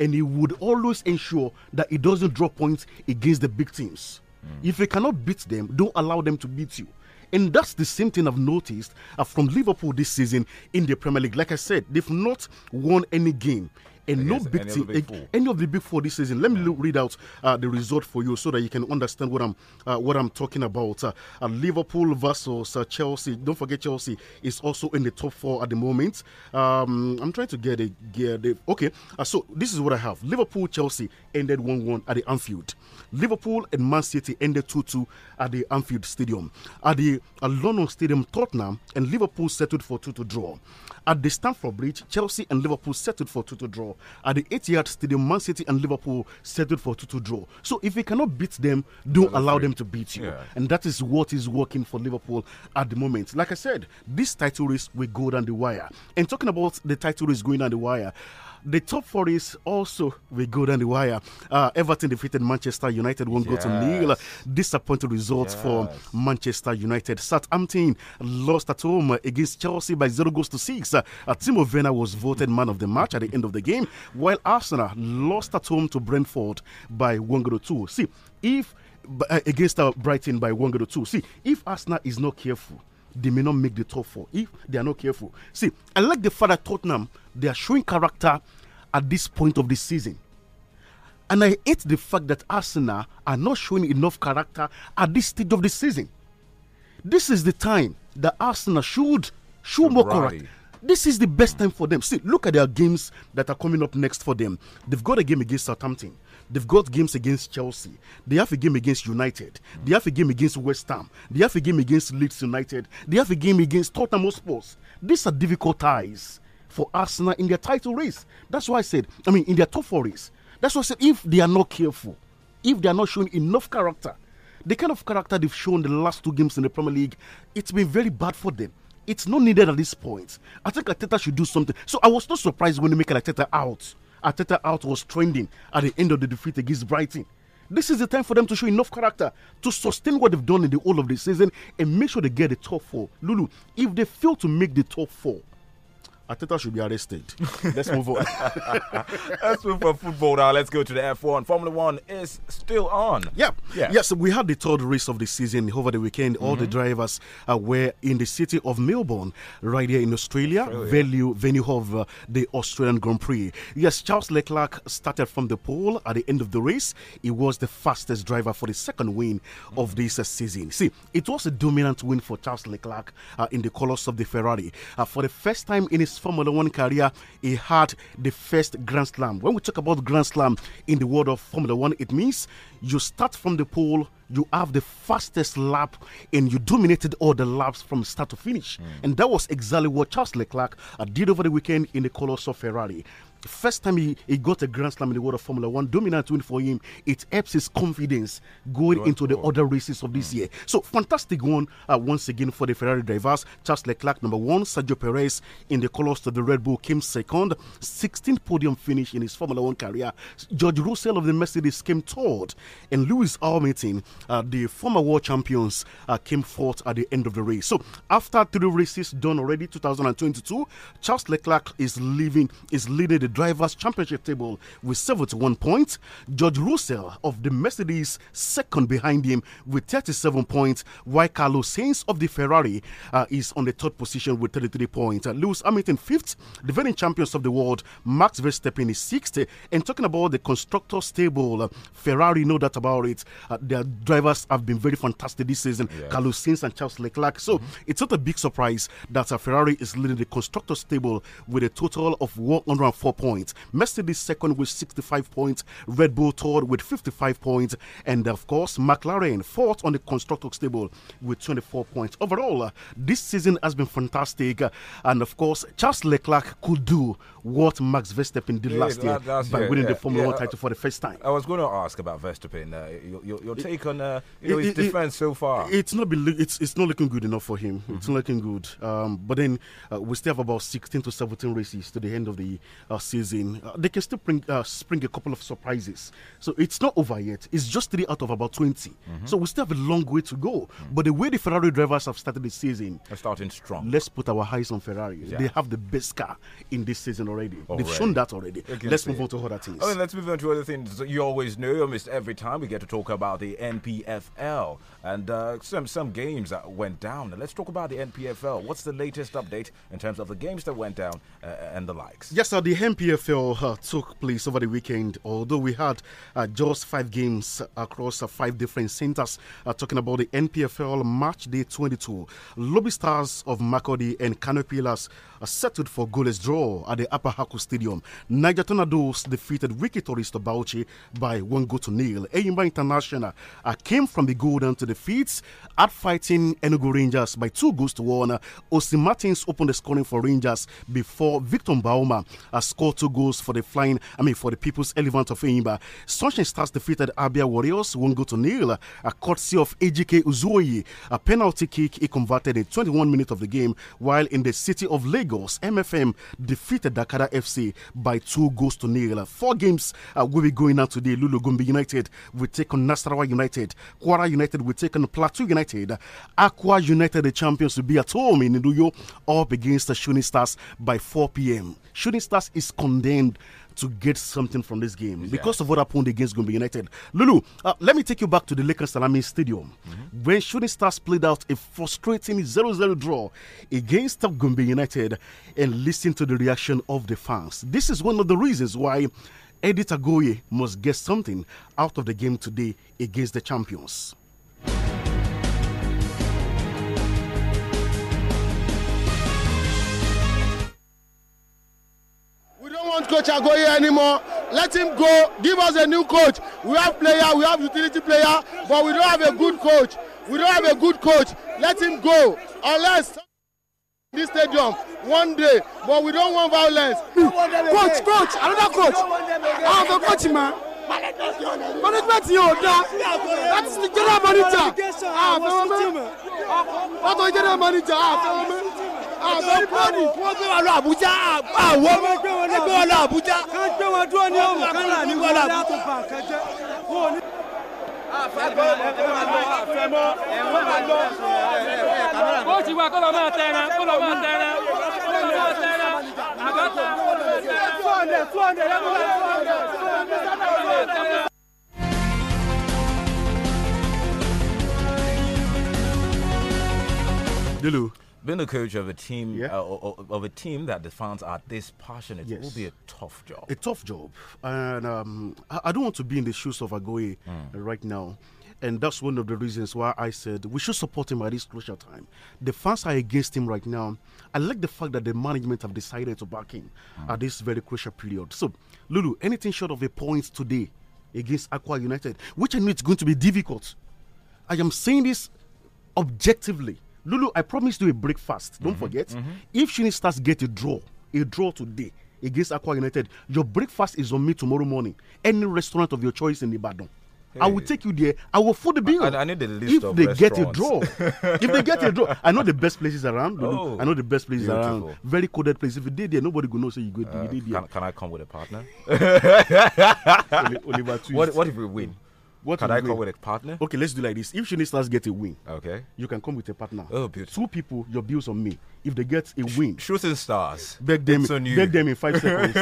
and he would always ensure that he doesn't drop points against the big teams. Mm. If you cannot beat them, don't allow them to beat you. And that's the same thing I've noticed uh, from Liverpool this season in the Premier League. Like I said, they've not won any game and no big any, big any of the big four this season. Let me read out uh, the result for you so that you can understand what I'm uh, what I'm talking about. Uh, uh Liverpool versus uh, Chelsea. Don't forget Chelsea is also in the top four at the moment. Um, I'm trying to get a gear. okay. Uh, so this is what I have. Liverpool Chelsea ended one one at the Anfield. Liverpool and Man City ended two two at the Anfield Stadium. At the at London Stadium, Tottenham and Liverpool settled for two to draw. At the Stamford Bridge, Chelsea and Liverpool settled for two to draw. At the yard Stadium, Man City and Liverpool settled for 2 2 draw. So if we cannot beat them, don't allow them to beat you. Yeah. And that is what is working for Liverpool at the moment. Like I said, this title race will go down the wire. And talking about the title race going down the wire, the top four is also we good on the wire. Uh, Everton defeated Manchester United will yes. go to nil. Disappointing results yes. for Manchester United. Southampton lost at home against Chelsea by zero goals to six. Uh, uh, Timo Werner was voted man of the match at the end of the game, while Arsenal lost at home to Brentford by one goal to two. See if uh, against uh, Brighton by one goal to two. See if Arsenal is not careful they may not make the top four if they are not careful. See, I like the fact that Tottenham they are showing character at this point of the season. And I hate the fact that Arsenal are not showing enough character at this stage of the season. This is the time that Arsenal should show more right. character. This is the best time for them. See, look at their games that are coming up next for them. They've got a game against Southampton. They've got games against Chelsea. They have a game against United. They have a game against West Ham. They have a game against Leeds United. They have a game against Tottenham Sports. These are difficult ties for Arsenal in their title race. That's why I said, I mean, in their top four race. That's why I said, if they are not careful, if they are not showing enough character, the kind of character they've shown the last two games in the Premier League, it's been very bad for them. It's not needed at this point. I think Ateta should do something. So I was not surprised when they make Ateta out. Ateta out was trending at the end of the defeat against Brighton. This is the time for them to show enough character to sustain what they've done in the whole of the season and make sure they get the top four. Lulu, if they fail to make the top four, Ateta should be arrested. Let's move on. Let's move on football now. Let's go to the F1. Formula One is still on. Yeah. yeah. Yes, we had the third race of the season over the weekend. All mm -hmm. the mhm. drivers uh, were in the city of Melbourne, right here in Australia, Australia. venue, venue of uh, the Australian Grand Prix. Yes, Charles Leclerc started from the pole at the end of the race. He was the fastest driver for the second win mm -hmm. of this uh, season. See, it was a dominant win for Charles Leclerc uh, in the colors of the Ferrari. Uh, for the first time in his Formula One career, he had the first Grand Slam. When we talk about Grand Slam in the world of Formula One, it means you start from the pole you have the fastest lap and you dominated all the laps from start to finish. Mm. And that was exactly what Charles Leclerc uh, did over the weekend in the Colosso Ferrari. First time he, he got a Grand Slam in the world of Formula One, dominant win for him. It helps his confidence going into the other races of this mm. year. So fantastic one uh, once again for the Ferrari drivers. Charles Leclerc number one, Sergio Perez in the colours of the Red Bull came second, 16th podium finish in his Formula One career. George Russell of the Mercedes came third, and Lewis Hamilton, uh, the former world champions, uh, came fourth at the end of the race. So after three races done already, 2022, Charles Leclerc is leaving is leading the Drivers' Championship table with 71 points. George Russell of the Mercedes, second behind him with 37 points, while Carlos Sainz of the Ferrari uh, is on the third position with 33 points. Uh, Lewis Hamilton, fifth, defending champions of the world. Max Verstappen is sixth. And talking about the constructors' table, uh, Ferrari, know that about it, uh, their drivers have been very fantastic this season. Yeah. Carlos Sainz and Charles Leclerc. So mm -hmm. it's not a big surprise that uh, Ferrari is leading the constructors' table with a total of 104 points. Mercedes second with 65 points. Red Bull third with 55 points. And of course, McLaren fourth on the constructor table with 24 points. Overall, uh, this season has been fantastic. Uh, and of course, Charles Leclerc could do what Max Verstappen did yeah, last year last by year, winning yeah, the Formula One title for the first time. I was going to ask about Verstappen. Uh, your, your, your, take it, on uh, you know, it, his it, defense so far? It's not been it's it's not looking good enough for him. Mm -hmm. It's mm-hmm. not looking good. Um, but then uh, we still have about 16 to 17 races to the end of the uh, season. Uh, they can still bring uh, spring a couple of surprises. So it's not over yet. It's just three out of about 20. Mm -hmm. So we still have a long way to go. Mm -hmm. But the way the Ferrari drivers have started the season, they're starting strong. Let's put our eyes on Ferrari. Yeah. They have the best car in this season already. already. They've shown that already. Let's move on to other things. I mean, let's move on to other things. You always know, almost every time we get to talk about the NPFL and uh, some some games that went down. Let's talk about the NPFL. What's the latest update in terms of the games that went down uh, and the likes? Yes, sir. The NPFL uh, took place over the weekend. Although we had uh, just five games across uh, five different centers. Uh, talking about the NPFL match day 22, Lobby Stars of Makodi and Canopilas settled for goalless draw at the Upper Haku Stadium. Niger Tornadoes defeated Wiki Torista Bauchi by one goal to nil. Eyimba International uh, came from the golden to defeats at fighting Enugu Rangers by two goals to one. Osi Martins opened the scoring for Rangers before Victor Bauma uh, scored two goals for the flying, I mean, for the People's Elephant of Eyimba. Sunshine Stars defeated Abia Warriors one goal to nil. A uh, courtesy of AGK Uzoyi. A penalty kick he converted in 21 minutes of the game, while in the city of Lagos. Lagos, MFM defeated Dakar FC by two goals to nil. Four games uh, will be going out today. Gumbi United will take on Nasarawa United. Kwara United will take on Plateau United. Aqua United, the champions, will be at home in Nduyo up against the Shooting Stars by 4 p.m. Shooting Stars is condemned to get something from this game yeah. because of what happened against Gumbi United. Lulu, uh, let me take you back to the Lakers Salami Stadium mm -hmm. when Shooting Stars played out a frustrating 0 0 draw against Gumbi United and listen to the reaction of the fans. This is one of the reasons why. Eddie Tagoye must get something out of the game today against the champions. want Coach Agoye anymore. Let him go. Give us a new coach. We have player, we have utility player, but we don't have a good coach. We don't have a good coach. Let him go. Unless this stadium one day, but we don't want violence. coach, coach, another coach. I have a coach, man. management yìí ò da the general manager àfẹ́wọ́mẹ́ ah, ọkọ̀ ah, general manager àfẹ́wọ́mẹ́. Ah, àbẹ̀rẹ̀ bọ́ọ̀lù. wọ́n gbé wọn lọ àbújá àwọ̀ ẹgbẹ́ wọn lọ àbújá. ká gbé wọn dúró ní ọmọ kan náà ní wọn lọ àtúbà kẹjẹ. ó ti wá kó lọ máa tẹran kó lọ máa tẹran kó lọ máa tẹran àbáta kó lọ máa tẹran. two being the coach of a team yeah. uh, of a team that the fans are this passionate yes. will be a tough job. A tough job, and um, I don't want to be in the shoes of Agoye mm. right now. And that's one of the reasons why I said we should support him at this crucial time. The fans are against him right now. I like the fact that the management have decided to back him mm. at this very crucial period. So, Lulu, anything short of a point today against Aqua United, which I know it's going to be difficult. I am saying this objectively Lulu, I promised you a breakfast. Don't mm -hmm, forget. Mm -hmm. If Shini starts get a draw, a draw today against Aqua United, your breakfast is on me tomorrow morning. Any restaurant of your choice in Ibadan. Hey. I will take you there. I will foot the bill. I, I need the list if they get a draw, if they get a draw, I know the best places around. Oh, I know the best places beautiful. around. Very coded place. If you did there, nobody will know. So you go. Uh, you did there. Can, can, I come with a partner? what, what if we win? What can I come with a partner? Okay, let's do like this. If Shooting Stars get a win, okay, you can come with a partner. Oh, beautiful. Two people, your bills on me. If they get a win, Shooting Stars, beg them, on you. beg them in five seconds.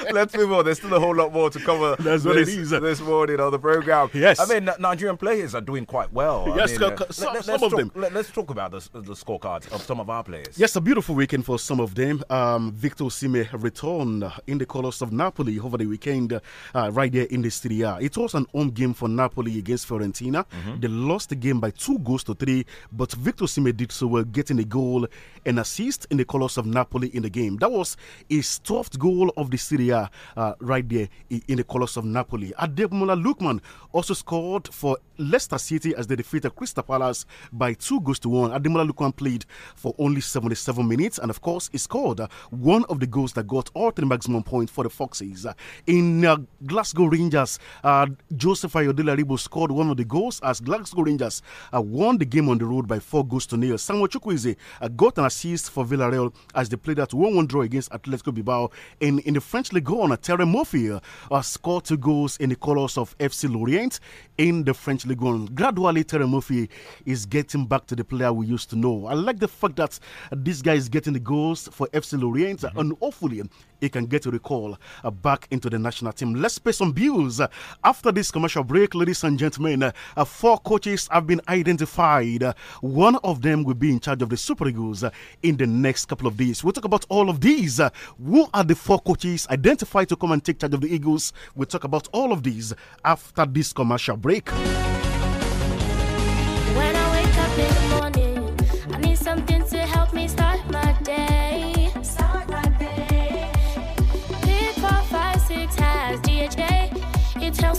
let's move on. There's still a whole lot more to cover. That's what this, it is. This morning on the program. Yes, I mean Nigerian players are doing quite well. Yes, I mean, uh, some, let, some of them. Let, us talk about the, the scorecards of some of our players. Yes, a beautiful weekend for some of them. Um, Victor Sime returned in the colours of Napoli over the weekend, uh, right there in the city Serie A. It was an home game for Napoli against Fiorentina. Mm -hmm. They lost the game by two goals to three, but Victor Sime did so well, getting a goal and assist in the colours of Napoli in the game. That was a soft goal of the Serie A uh, right there in the colours of Napoli. Ademola Lukman also scored for Leicester City as they defeated Crystal Palace by two goals to one. Ademola Lukman played for only 77 minutes, and of course, he scored uh, one of the goals that got all three maximum points for the Foxes. Uh, in uh, Glasgow Rangers uh, Joseph Ayodele scored one of the goals as Glasgow Rangers uh, won the game on the road by four goals to nil. Samuel Chukwueze uh, got an assist for Villarreal as they played that 1-1 draw against Atletico Bilbao. In, in the French League on, Terry Murphy uh, scored two goals in the colours of FC Lorient in the French League on. Gradually, Terry Murphy is getting back to the player we used to know. I like the fact that this guy is getting the goals for FC Lorient mm -hmm. and hopefully he can get a recall uh, back into the national team. Let's pay some bills uh, after this commercial break, ladies and gentlemen, uh, four coaches have been identified. One of them will be in charge of the Super Eagles uh, in the next couple of days. We'll talk about all of these. Uh, who are the four coaches identified to come and take charge of the Eagles? We'll talk about all of these after this commercial break.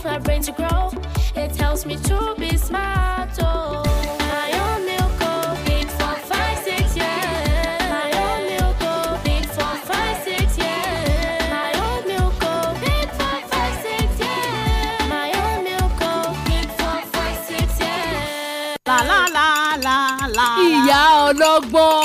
my brain to grow. It helps me to be smart. Oh. ọlọ́gbọ́n.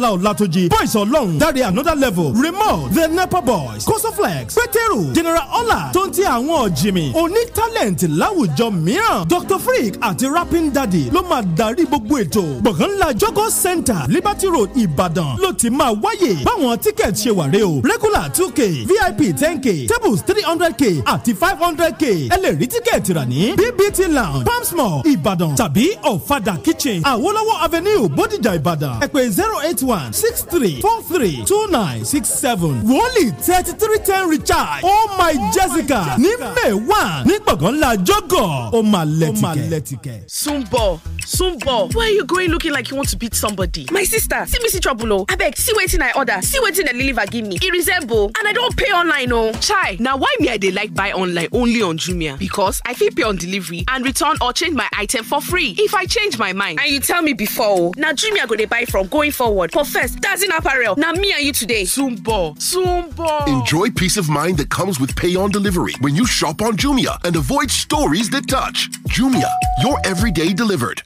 Bọ́lá Ọlátúnjí Boys Ọlọ́run Dáre Another Level Remote The Nepa Boys Kosoflex Pétérù General Ola, tó ń ti àwọn Jimmy. oní talent láwùjọ mìíràn Dr Freak àti Rapping Daddy ló máa darí gbogbo ètò gbọ̀ngàn ńlá Jogo Center Liberty Road Ìbàdàn ló ti máa wáyè báwọn tíkẹ́ẹ̀tì ṣe wà rè o regular two k VIP ten k tables three hundred k àti five hundred k ẹ lè rí tíkẹ́ẹ̀tì rà ní BBT Lounge Palms Mall Ìbàdàn tàbí Ọ̀fadà Kitchen Àwọlọ́wọ́ Avenue Bódìjà Ìbàdàn ẹ pè zero eight One six three four three two nine six seven. four three two nine six seven wọ́ọ̀lì thirty three ten recharge oh my jessica ní may one ní gbọ̀ngàn ńlá jọ́gọ̀ ó máa lẹ́tìkẹ́. sunbo sunbo why are you going looking like you want to beat somebody. my sister see me see trouble o oh. abeg see wetin i order see wetin dem deliver give me e resemble and i don pay online o. Oh. chai na why me i dey like buy online only on jumia because i fit pay on delivery and return or change my item for free if i change my mind and you tell me before o oh, na jumia go dey buy from going forward profess dazzin apparel Now me and you today sumbo sumbo enjoy peace of mind that comes with pay on delivery when you shop on jumia and avoid stories that touch jumia your everyday delivered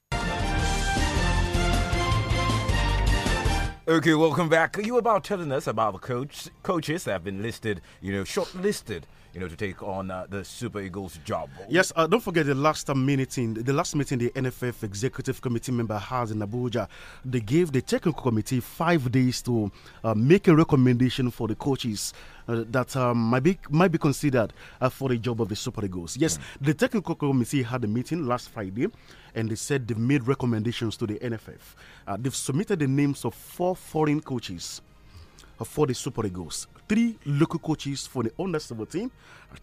Okay, welcome back. You were about telling us about the coach, coaches that have been listed, you know, shortlisted you know, to take on uh, the Super Eagles job. Yes, uh, don't forget the last uh, meeting, the last meeting the NFF Executive Committee member has in Abuja. They gave the technical committee five days to uh, make a recommendation for the coaches. Uh, that um, might be might be considered uh, for the job of the Super Eagles. Yes, mm. the technical committee had a meeting last Friday, and they said they've made recommendations to the NFF. they've submitted the names of four foreign coaches for the Super Eagles three local coaches for the under 17,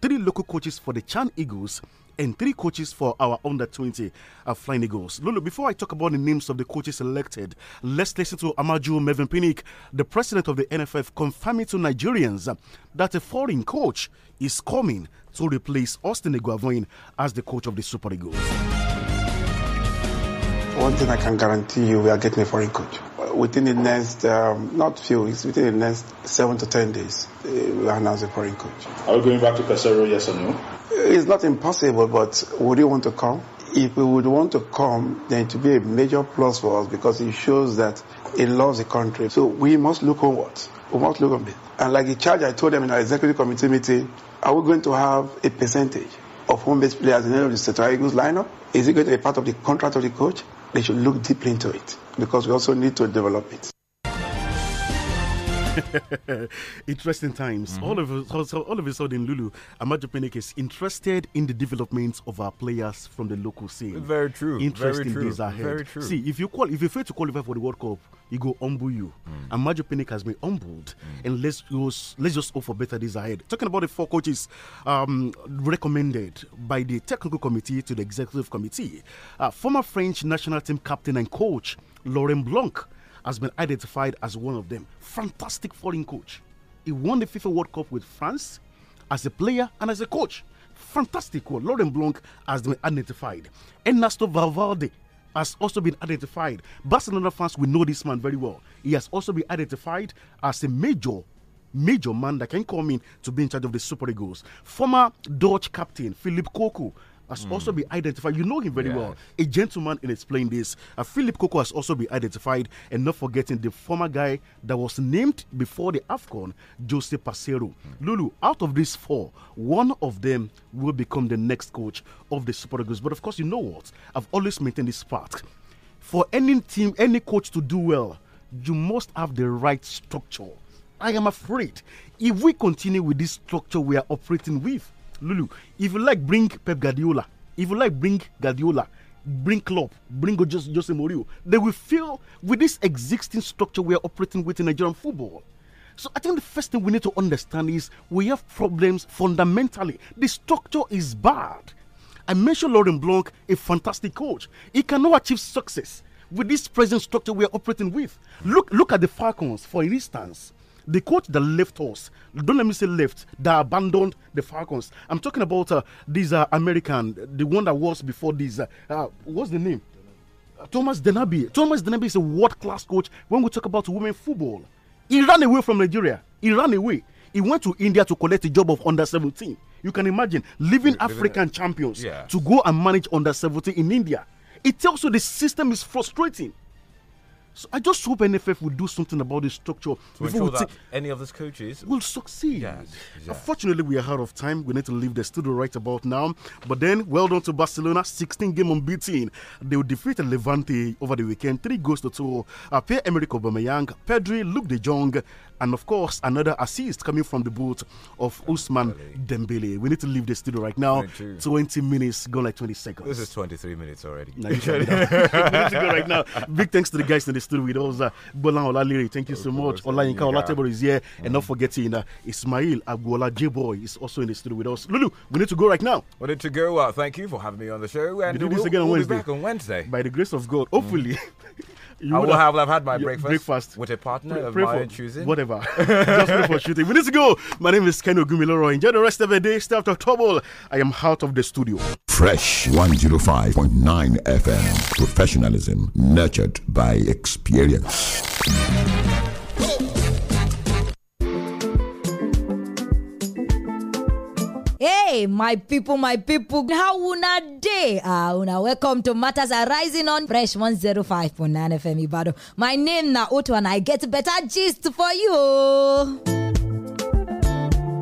three local coaches for the Chan Eagles, and three coaches for our under 20 uh, Flying Eagles. Lulu, before I talk about the names of the coaches selected, let's listen to Amaju Pinnick, the president of the NFF, confirming to Nigerians that a foreign coach is coming to replace Austin Iguavoin as the coach of the Super Eagles. One thing I can guarantee you, we are getting a foreign coach within the next, um, not few weeks, within the next seven to ten days, eh, we'll announce the foreign coach. Are we going back to Casero, yes or no? Eh, it's not impossible, but would you want to come? If we would want to come, then it would be a major plus for us because it shows that he loves the country. So we must look onwards. We must look on it. And like the charge I told them in our executive committee meeting, are we going to have a percentage of home-based players in the of the State lineup? Is it going to be part of the contract of the coach? they should look deeply into it because we also need to develop it. Interesting times. Mm -hmm. All of a, all of a sudden, Lulu Amajopenek is interested in the development of our players from the local scene. Very true. Interesting Very days ahead. Very true. See, if you call, if you fail to qualify for the World Cup, you go humble you. Mm. And Amajopenek has been humbled, mm. and let's go, let's just hope for better days ahead. Talking about the four coaches um, recommended by the technical committee to the executive committee, uh, former French national team captain and coach Laurent Blanc has been identified as one of them. Fantastic foreign coach. He won the FIFA World Cup with France as a player and as a coach. Fantastic one. Laurent Blanc has been identified. Ernesto Valverde has also been identified. Barcelona fans, we know this man very well. He has also been identified as a major major man that can come in to be in charge of the Super Eagles. Former Dutch captain Philip Koku has mm. also been identified. You know him very well. A gentleman in explaining this. Uh, Philip Coco has also been identified, and not forgetting the former guy that was named before the AFCON, Jose Pacero. Mm. Lulu, out of these four, one of them will become the next coach of the Super Eagles. But of course, you know what? I've always maintained this part. For any team, any coach to do well, you must have the right structure. I am afraid if we continue with this structure we are operating with, Lulu, if you like, bring Pep Guardiola. If you like, bring Guardiola. Bring Klopp. Bring Jose, Jose Mourinho. They will feel with this existing structure we are operating with in Nigerian football. So I think the first thing we need to understand is we have problems fundamentally. The structure is bad. I mentioned Lauren Blanc, a fantastic coach. He cannot achieve success with this present structure we are operating with. Look, look at the Falcons, for instance the coach that left us, don't let me say left, that abandoned the Falcons. I'm talking about uh, this uh, American, the one that was before this. Uh, uh what's the name? Thomas Denabi. Thomas Denabi is a world class coach when we talk about women football. He ran away from Nigeria. He ran away. He went to India to collect a job of under 17. You can imagine leaving African champions yeah. to go and manage under 17 in India. It tells you the system is frustrating. So I just hope NFF will do something about the structure to before we that any of these coaches will succeed. Yes, yes. Unfortunately, we are out of time. We need to leave the studio right about now. But then, well done to Barcelona, 16 game unbeaten. They will defeat Levante over the weekend, three goals to two. Uh, Pierre Emerick Aubameyang, Pedri, Luke De Jong, and of course, another assist coming from the boot of Usman Dembele. We need to leave the studio right now. 20 minutes, gone like 20 seconds. This is 23 minutes already. we need to go right now. Big thanks to the guys in the studio with us. Uh, Bolan Olaliri, thank you so much. Olayinka Olatebo is here. Mm. And not forgetting uh, Ismail Aguola J-Boy is also in the studio with us. Lulu, we need to go right now. We need to go. Well, uh, thank you for having me on the show. And we do this we'll, again on we'll Wednesday. back on Wednesday. By the grace of God, hopefully. Mm. I will have, have, had my breakfast, breakfast with a partner pray, of my choosing. Whatever. Just pray for shooting. We need to go. My name is Ken Ogumiloro. Enjoy the rest of the day. Stay out of trouble. I am out of the studio. Fresh 105.9 FM. Professionalism nurtured by experience. Hey, my people, my people, how una day? Ah, una welcome to Matters Arising on Fresh 105.9 FM Ibado. My name na Otto and I get better gist for you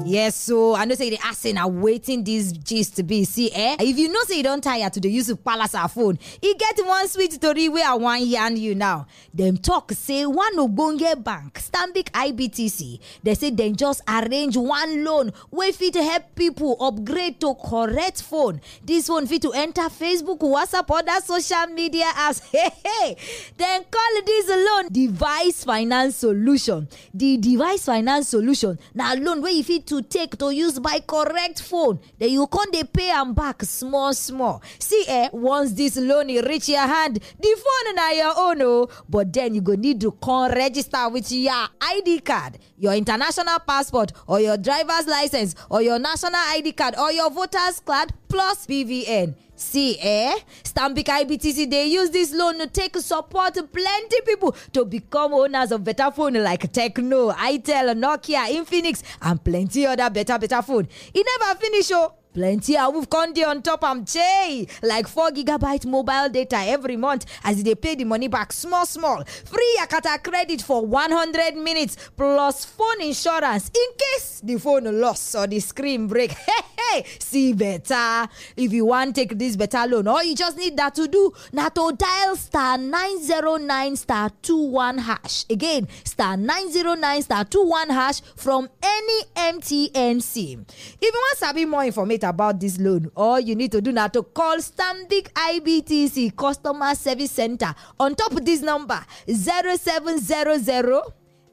yes so i know say the dey are waiting this gist to be see eh if you know say you don't tire to the use palace her phone you get one sweet story where i want yarn you now Them talk say one ogbonge bank Stambik ibtc They say dem just arrange one loan where fit help people upgrade to correct phone This one fit to enter facebook whatsapp other social media as. hey hey call this loan device finance solution The device finance solution now loan where you fit to take to use buy correct phone then you con dey pay am back small small see eh once this loan reach your hand the phone na your own oh. but then you go need to con register with your id card your international passport or your drivers licence or your national id card or your voters card plus bvn See, eh? Stambika IBTC, they use this loan to take support plenty people to become owners of better phone like Techno, Itel, Nokia, Infinix, and plenty other better, better phone. It never finish, oh plenty of we've come on top am jay like four gigabyte mobile data every month as they pay the money back small small free akata credit for one hundred minutes plus phone insurance in case the phone lost or the screen break hey hey see better if you want take this better loan all you just need that to do na to dial star nine zero nine star two one hash again star nine zero nine star two one hash from any mtn sim if you to be more information about this loan, all you need to do now to call Stanbic IBTC Customer Service Center on top of this number 0700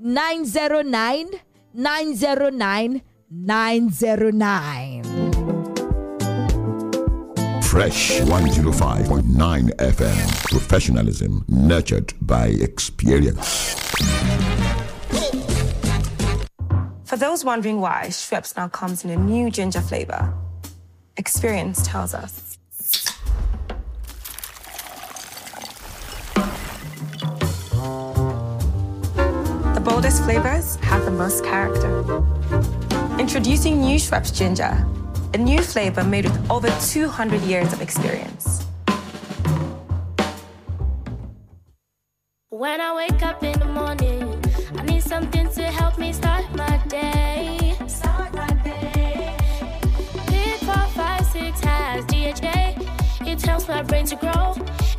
909 909 909. Fresh 105.9 FM. Professionalism nurtured by experience. For those wondering why, Schweppes now comes in a new ginger flavor. Experience tells us. The boldest flavors have the most character. Introducing new Schweppes Ginger, a new flavor made with over 200 years of experience. When I wake up in the morning, I need something to help me start my day. my brain to grow.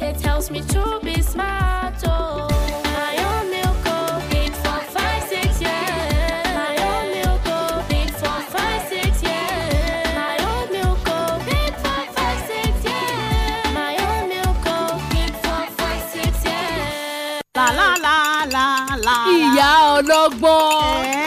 It helps me to be smart. Oh. La la la la la.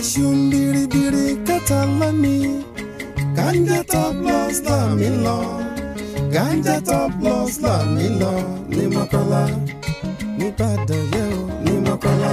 ẹ ṣeun biribiri kẹta lónìí ganja top loss là mí lọ ganja top loss là mí lọ ni mọ́kànlá nìbàdàn yẹ̀ ọ́ ní mọ́kànlá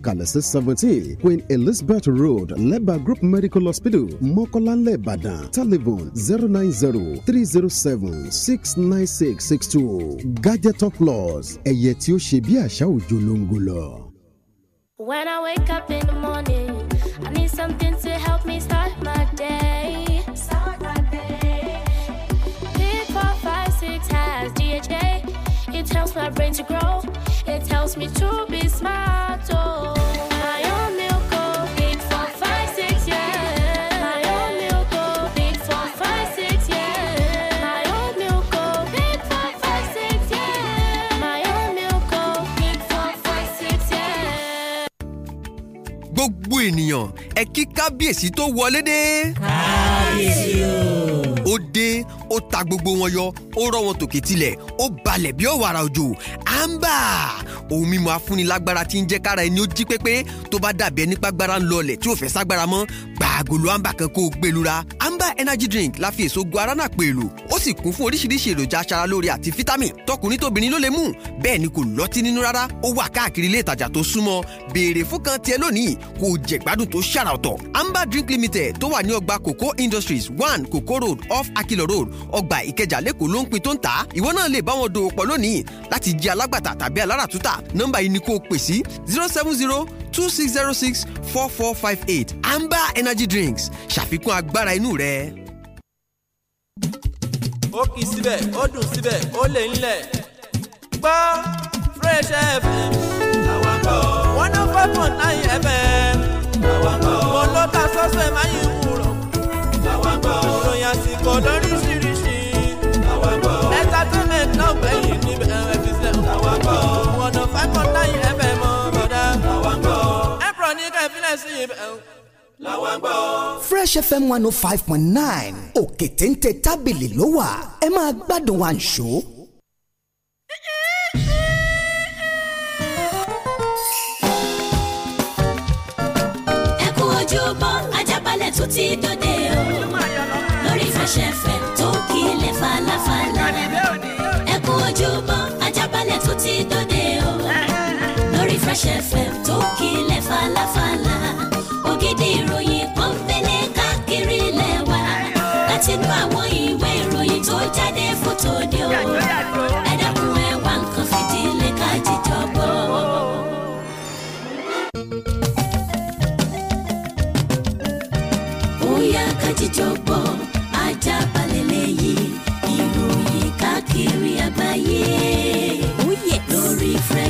dialysis 17, Queen Elizabeth Road, Leba Group Medical Hospital, Mokolanle, Badan. Telephone Zero Nine Zero Three Zero Seven Six Nine Six Six Two. 307 69662. Gadget Plus, ẹ̀yẹ tí ó ṣe bí àṣà òjò ló ń gò When I wake up in the morning, I need something to help me start my day. Start my day. Three, four, five, six, has DHA. It helps my brain to grow. It tells me to be smart. gbogbo ènìyàn ẹ kí kábíyèsí tó wọlé dé. kábíyèsí o. ó dé ó ta gbogbo wọn yọ ó rọ wọn tòkè tilẹ̀ ó balẹ̀ bí ọ̀wàrà òjò amber ohun mímu afúnilágbára tí ń jẹ́ kára ẹni ó jí pépé tó bá dàbí ẹni pàgbára ń lọlẹ̀ tí ò fẹ́ ságbára mọ́ gbàgòlò amba kan kó o gbẹlura e amba energy drink la fi èso guarana pẹ̀lú ó sì kún fún oríṣiríṣi èròjà aṣaralóore àti fítámì tọkùnrin tóbìnrin ló lè mú bẹ́ẹ̀ ni kò lọ́tí nínú rárá ó wà káàkiri ilé ìtajà tó súnmọ́ béèrè fún kan tiẹ̀ lónìí kó o gbádùn tó ṣàrà ọ̀tọ̀ amba drink limited tó wà ní ọgbà coco industries one coco road off akilo road ọgbà ìkẹjà lẹ́kọ̀ọ́ ló ń pin tó ń tà ìwọ náà lè bá nọ́mbà yìí ni kó pè sí zero seven zero two six zero six four four five eight amber energy drinks ṣàfikún agbára inú rẹ. ó kì í síbẹ̀ ó dùn síbẹ̀ ó lè ń lẹ̀ gbọ́ fresh fm àwàkọ́ one oh five point nine fm àwàkọ́ mo ló sọ́sẹ̀ máa yín wúrọ̀ àwàkọ́ ìròyìn àsìkò lóríṣiríṣi àwàkọ́ entertainment náà gbẹ̀yìn níbẹ̀. Fresh FM one oh five point nine òkè téńté tábìlì ló wà ẹ máa gbádùn wa ń ojúbọ ajábalẹ̀ tó ti dòde o lórí Fresh FM tó kílẹ̀ falafala ẹ ojúbọ tún ti dòde o lórí Fresh FM tó kílẹ̀ falafala ògidì ìròyìn kan fẹ́lẹ́ káàkiri ilẹ̀ wa látinú àwọn ìwé ìròyìn tó jáde fótó ni o.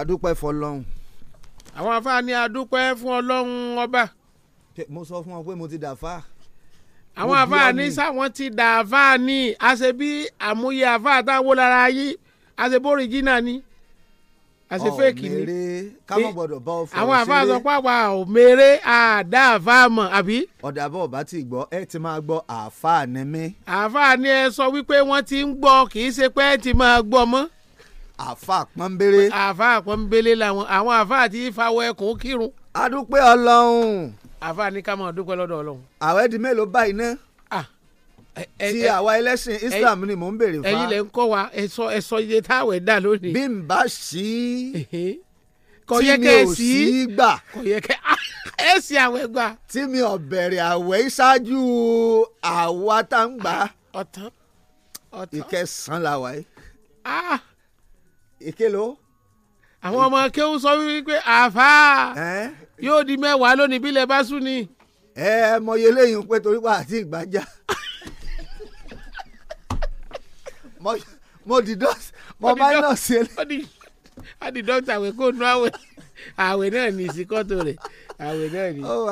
adúpẹ́ fọlọ́hún. àwọn afá ni adúpẹ́ fún ọlọ́run ọba. mo sọ fún ọ pé mo ti dà fáà àwọn àfáàní sáwọn ti dà àfáàní àṣebí àmúyẹ àfáà táwọn lára yí àṣebó rìjìnà ni àṣefẹ́ẹ̀kì ni eh, àwọn àfáà sọ pé àwa ò mèrè àdá àfáà mọ̀ àbí. ọ̀dàbọ̀ ọ̀bá ti gbọ́ ẹ ti máa gbọ́ àfáà ni mí. àfáà ni ẹ sọ wípé wọ́n ti ń gbọ́ kì í ṣe pé ẹ ti máa gbọ́ mọ́ àfa pọ́nbélé. àfa pọ́nbélé làwọn àwọn àfa àti ìfawọ́ ẹ̀kọ́ kírun. a dúpẹ́ ọlọ́run. àfa ní ká máa dúpẹ́ lọ́dọ̀ ọlọ́run. àwẹ̀ di mélòó báyìí náà ti àwa ẹlẹ́sìn Islam ni mò ń béèrè fa. ẹ̀yin lẹ ń kọ́ wa ẹ̀sọ́ ẹ̀sọ́ iye táwẹ̀ dà lónìí. bí n bá sí i tí mi ò sí í gbà. kò yẹ kẹ́ ah, ẹ sí àwẹ̀ gbà. tí mi ò bẹ̀rẹ̀ àwẹ̀ ṣáájú àwa tá ń gbà. ọ̀tán ọ̀tán ìkẹsàn-án la wà yìí. Ah, èké ló. àwọn ọmọ kéwù sọ wípé àáfàá yóò di mẹ́wàá lónìí bílẹ̀ bá sùn ni. ẹ ẹ mọye lẹ́yìn pé torí pa àti ìgbàjà mo di dọ́sì mo minus ele. a di dọ́kítà àwẹ̀ kó nu àwẹ̀ àwẹ̀ náà ní ìsìnkọ́tò rẹ̀ àwẹ̀ náà ni oh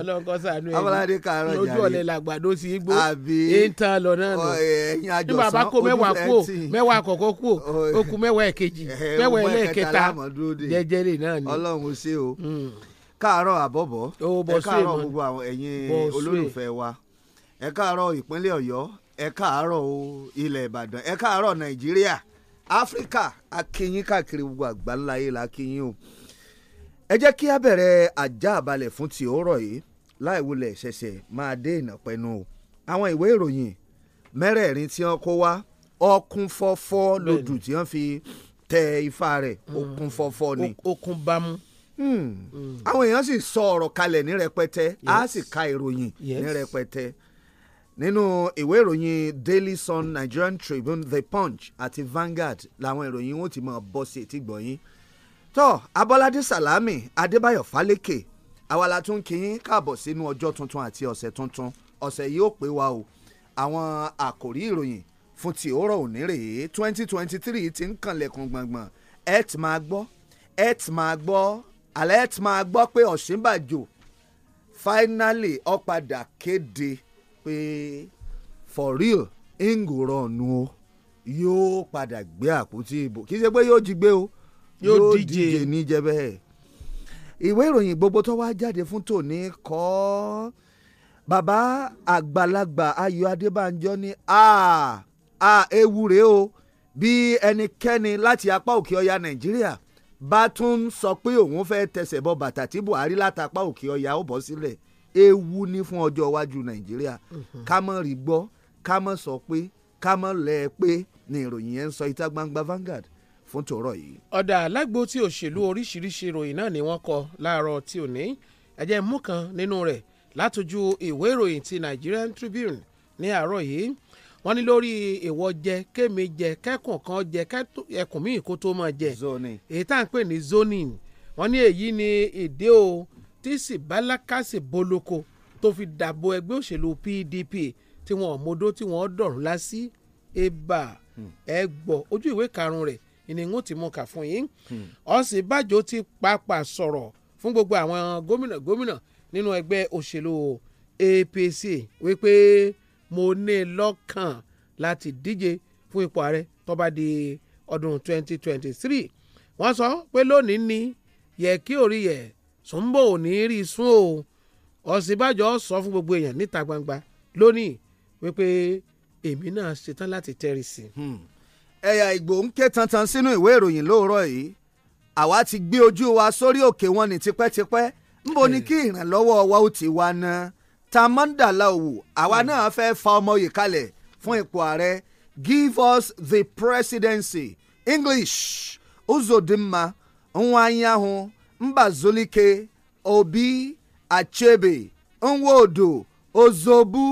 ọlọ́nkọ́ sànú ẹ̀ abọ́ládé lójú ọ̀lẹ̀ làgbàdo sí igbó lọ nù oh, ní bàbá kó mẹ́wàá kú mẹ́wàá àkọ́kọ́ kú oh, okùn mẹ́wàá ẹ̀kejì eh, mẹ́wàá ẹlẹ́ẹ̀kẹta o hmm. ẹ káàárọ̀ gbogbo àwọn ẹ̀yin olólùfẹ́ wa ẹ ọyọ ẹ ilẹ ìbàdàn ẹ nàìjíríà áfíríkà káàkiri gbogbo la ẹ jẹ́ kí a bẹ̀rẹ̀ ajá àbálẹ̀ fún ti òórọ̀ yìí láì wulẹ̀ ṣẹ̀ṣẹ̀ máa dé ìnàpẹ́nu o àwọn ìwé ìròyìn mẹ́rẹ̀ẹ̀rin tí wọ́n kó wá ọkùn fọ́fọ́ lòdù tí wọ́n fi tẹ ifá rẹ̀ mm. okùn fọ́fọ́ ni. okùn bámu. Hmm. Mm. àwọn èèyàn sì sọ ọ̀rọ̀ kalẹ̀ ní rẹpẹtẹ a sì ka ìròyìn ní rẹpẹtẹ nínú ìwé ìròyìn Daily Sun Nigerian Tribune The Punch àti Vanguard làwọn ìròyìn wọn ti máa bọ́ sí etí tọ́ abọ́ládé salami adébáyọ̀ fálékè àwa la tún kí yín káàbọ̀ sínú ọjọ́ tuntun àti ọ̀sẹ̀ tuntun ọ̀sẹ̀ yìí ó pé wa o àwọn àkòrí ìròyìn fún ti òórọ̀ òní rèé twenty twenty three ti ń kànlẹ̀kùn gbọ̀ngbọ̀n ẹ̀ tí máa gbọ́ ẹ̀ tí máa gbọ́ àlẹ́ ẹ̀ tí máa gbọ́ pé ọ̀ṣínbàjò finally ó padà kéde pé for real ngoronu o yóò padà gbé àpótí ìbò kì í ṣe pé yóò jí gbé o yóò díje níjẹ bẹ́ẹ̀ ìwé ìròyìn gbogbo tó wá jáde fún tòní kọ́ bàbá àgbàlagbà Ayọ̀ Adébánjọ ní a a ewu rèé o bí ẹnikẹ́ni láti apá òkè ọya Nàìjíríà bá tún sọ pé òun fẹ́ tẹsẹ̀ bọ bàtà tí Buhari látapá òkè ọya ó bọ́ sílẹ̀ ewu ní fún ọjọ́ iwájú Nàìjíríà mhm. ká rí gbọ́ ká sọ pé ká mọ̀ pé ni ìròyìn yẹn ń sọ ìta gbangba Vanguard fún tòórọ̀ yìí. ọ̀dà alágbó tí òṣèlú oríṣiríṣi ìròyìn náà ni wọ́n kọ láàárọ̀ tí ò ní ẹ̀jẹ̀ mú kan nínú rẹ̀ látojú ìwé ìròyìn ti Nigerian Tribune ní àárọ̀ yìí wọ́n ní lórí ìwọ jẹ kémi jẹ kẹ́kùn kan jẹ ẹkùn míì kó tó máa jẹ èyí tá à ń pè ní zoning wọ́n ní èyí ni èdè o tí sìbálákàsì boloko tó fi dàbò ẹgbẹ́ òṣèlú PDP tí wọ́n mọdó tí wọ́n dọ̀rùn lásì ẹ̀bà hmm. ẹ̀gbọ́ ojú ìwé karùn-ún rẹ̀ ni n ó ti mú kà fún yín hmm. Ọ̀sínbàjò ti pàápàá sọ̀rọ̀ fún gbogbo àwọn gómìnà gómìnà nínú ẹgbẹ́ òṣèlú APC wípé mo ní lọ́kàn láti díje fún ipò ààrẹ tó bá di ọdún 2023 wọ́n sọ pé lónìí ni yẹ kí orí yẹ Sùnbọ̀ ò ní rí sún o Ọ̀sínbàjò sọ fún gbogbo èèyàn níta gbangba lónìí wípé èmi náà ṣetán láti tẹ́rì sí i. Hmm ẹ̀yà ìgbò ń ké tantan sínú ìwé ìròyìn lóòrọ̀ yìí àwa ti gbé ojú wa sórí òkè wọn ní tipẹ́tipẹ́ ńbo ni kí ìrànlọ́wọ́ wa ó ti wá ná tamandala òwò àwa hmm. náà fẹ́ fa ọmọ yìí kalẹ̀ fún ipò ààrẹ give us the presidency english uzodinma nwanyanhu mbazolike obi achebe nwodo ozobu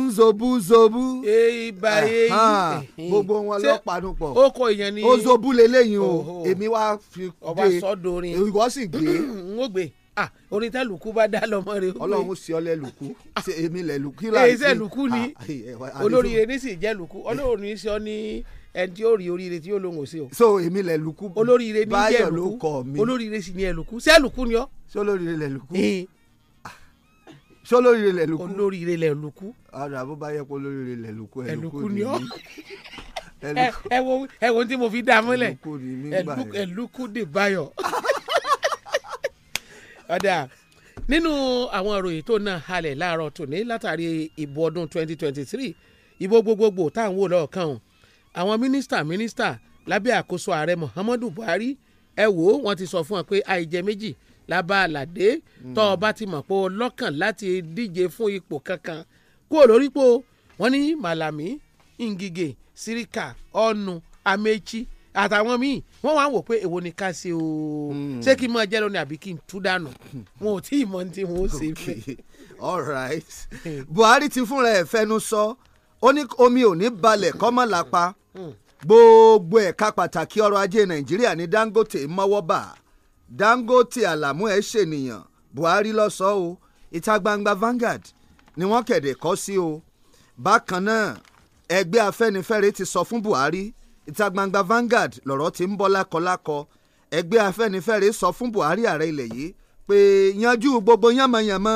nzobu zobu. ìbà èyí. gbogbo wọn lọ panu pọ̀. ó kọ ìyẹn ni. ó zobu leléyìn o èmi wá fi gbé. ọba sọdorin. ìwọ sì gbé. n ó gbé ah orin tá lùkú bá dá lọmọ rẹ. ọlọ́run sí ọ lẹ́lùkú ah. èmi lẹ́lùkú. èyí sẹ́ lùkú ni ah, ah, eh, olóríire ní sì jẹ́ lùkú ọlọ́run sí ọ ní ẹni tí ó rí oríire tí ó lóun ò sí o. so èmi lẹ́lùkú. olóríire ní jẹ́ lùkú báyọ̀ ló kọ mi. olóríire sì ní ẹ̀lùkú sẹ́lùkú ni ọ. sọ́lóríire lẹ́lùkú. Eh ṣé olóríire lẹ̀ lukú. olóríire lẹ̀ lukú. ọ̀rọ̀ àbó bá yẹ kó olóríire lẹ̀ lukú ẹ̀ lukú ni ó. ẹ wo ẹ wo tí mo fi dá mọ́lẹ̀ ẹ lukú dè báyọ̀. ọ̀dà nínú àwọn ìròyìn tó náà halẹ̀ láàárọ̀ tòní látàrí ìbò ọdún 2023 ìbò gbogbogbò tá à ń wò lọ́ọ̀kan o àwọn mínísítà mínísítà lábẹ́ àkóso ààrẹ Muhammadu Buhari ẹ wò ó wọ́n ti sọ fún wọn pé àìjẹ méjì lábá àlàdé hmm. tọ́ ọ bá ti mọ̀ pé o lọ́kàn láti díje fún ipò kankan kúrò lórípò wọ́n ní Malami Ngige Sirika Onu Amechi àtàwọn míì wọ́n wá wò pé èwo ni ká ṣe o hmm. ṣé kí n mọ jẹ́ lónìí àbí kí n tú dànù hmm. wọn ò tí ì mọ tí wọn ó ṣe fẹ́. all right Buhari ti fúnra ẹ̀ fẹnu sọ ó ní omi ò ní balẹ̀ kọ́mọ́ lápá gbogbo ẹ̀ka pàtàkì ọrọ̀ ajé Nàìjíríà ní Dangote mọ́wọ́ bá a Dangote Alamu ẹ̀ ṣènìyàn Buhari ló sọ o ìta gbangba Vanguard ni wọ́n kẹ̀dẹ̀ kọ́ sí o bákan náà ẹgbẹ́ Afẹ́nifẹ́re ti sọ fún Buhari ìta gbangba Vanguard lọ̀rọ̀ ti ń bọ́ lákọlákọ ẹgbẹ́ Afẹ́nifẹ́re sọ fún Buhari ààrẹ ilẹ̀ yìí pé yanjú gbogbo yánmọyánmọ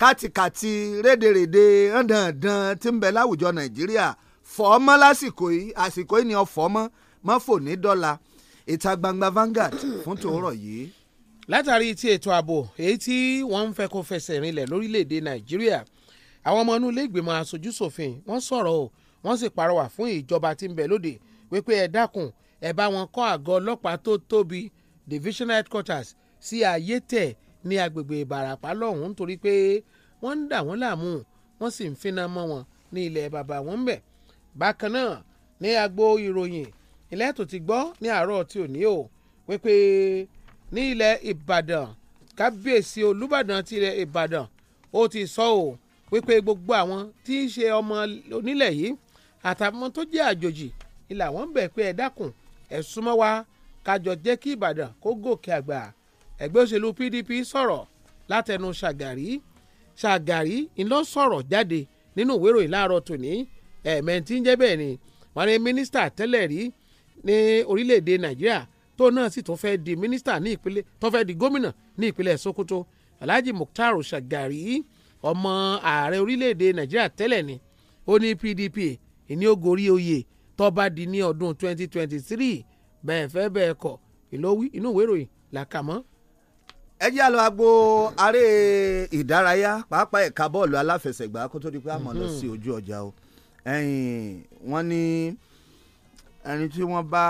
kátìkàtì rédèrèdè hàndàndàn tí ń bẹ láwùjọ Nàìjíríà fọ́ọ́mọ́ lásìkò yìí àsìkò yìí ni ọ fọ́ọ́mọ́ mọ́fò ní dọ́là ìta gbangba Vanguard fún tòórọ̀ yìí. látàrí ti ètò ààbò èyí tí wọ́n ń fẹ́ kó fẹsẹ̀ rinlẹ̀ lórílẹ̀‐èdè Nàìjíríà àwọn ọmọ inú ilé ìgbìmọ̀ aṣojúṣòfin wọ́n sọ̀rọ̀ o wọ́n sì parọ́wà fún ìjọba tí ń bẹ lóde wípé ẹ dákun ẹ bá wọn kọ́ àgọ́ ọlọ́pàá tó tóbi divisional headquarters sí ayé tẹ̀ ní agbègbè Ìbàràpá lọ́hùn-ún torí pé wọ́n ń dà wọ́n láàmú wọ́n sì ń finá mọ́ wọn ní ilẹ̀ bàbá wọn ń bẹ̀. bákan náà ní agbo ìròyìn ilé tó ti gbọ́ ní àárọ̀ tí ò ní o wípé ní ilẹ̀ Ìbàdàn kábíyèsí Olúbàdàn ti ilẹ̀ Ìbàdàn ó ti sọ o wípé gbogbo àwọn tí í ṣe ọmọ onílẹ̀ yìí àtàwọn tó jẹ́ àjòjì ilà wọn bẹ̀ pé ẹ dákun ẹ súnmọ́ wa kájọ jẹ́ kí Ìbàdàn kó gòkè àgbà ẹgbẹ́ òṣèlú PDP sọ̀rọ̀ látẹnu Ṣàgàrí Ṣàgàrí iná sọ̀rọ̀ jáde nínú ìwé láàárọ̀ tòní ẹ̀ẹ̀mẹ́ntì ń jẹ́ bẹ́ẹ̀ ni wọ́n ní mínísítà tẹ́lẹ̀ rí ní orílẹ̀-èdè nàìjíríà tó náà sì tún fẹ́ di mínísítà ní ìpínlẹ̀ tó fẹ́ di gómìnà ní ìpínlẹ̀ sokoto alhaji mukhtar shagari ọmọ ààrẹ orílẹ̀-èdè nàìjíríà tẹ́lẹ̀ ni ó ní pdp ìní ogori oyè tó bá di ní ọdún 2023 bẹ́ẹ̀ fẹ́ bẹ́ẹ̀ kọ̀ ìlówí inú ìwé ìròyìn là kà mọ́. ẹ jẹ́ àlọ́ agbo aré ìdárayá pàápàá ẹ̀ka bọ́ọ̀lù aláfẹsẹ̀gbá kó tó di pé àmọ́ lọ hmm. sí ojú ọjà o wọ́n ní. Mm ẹni tí wọ́n bá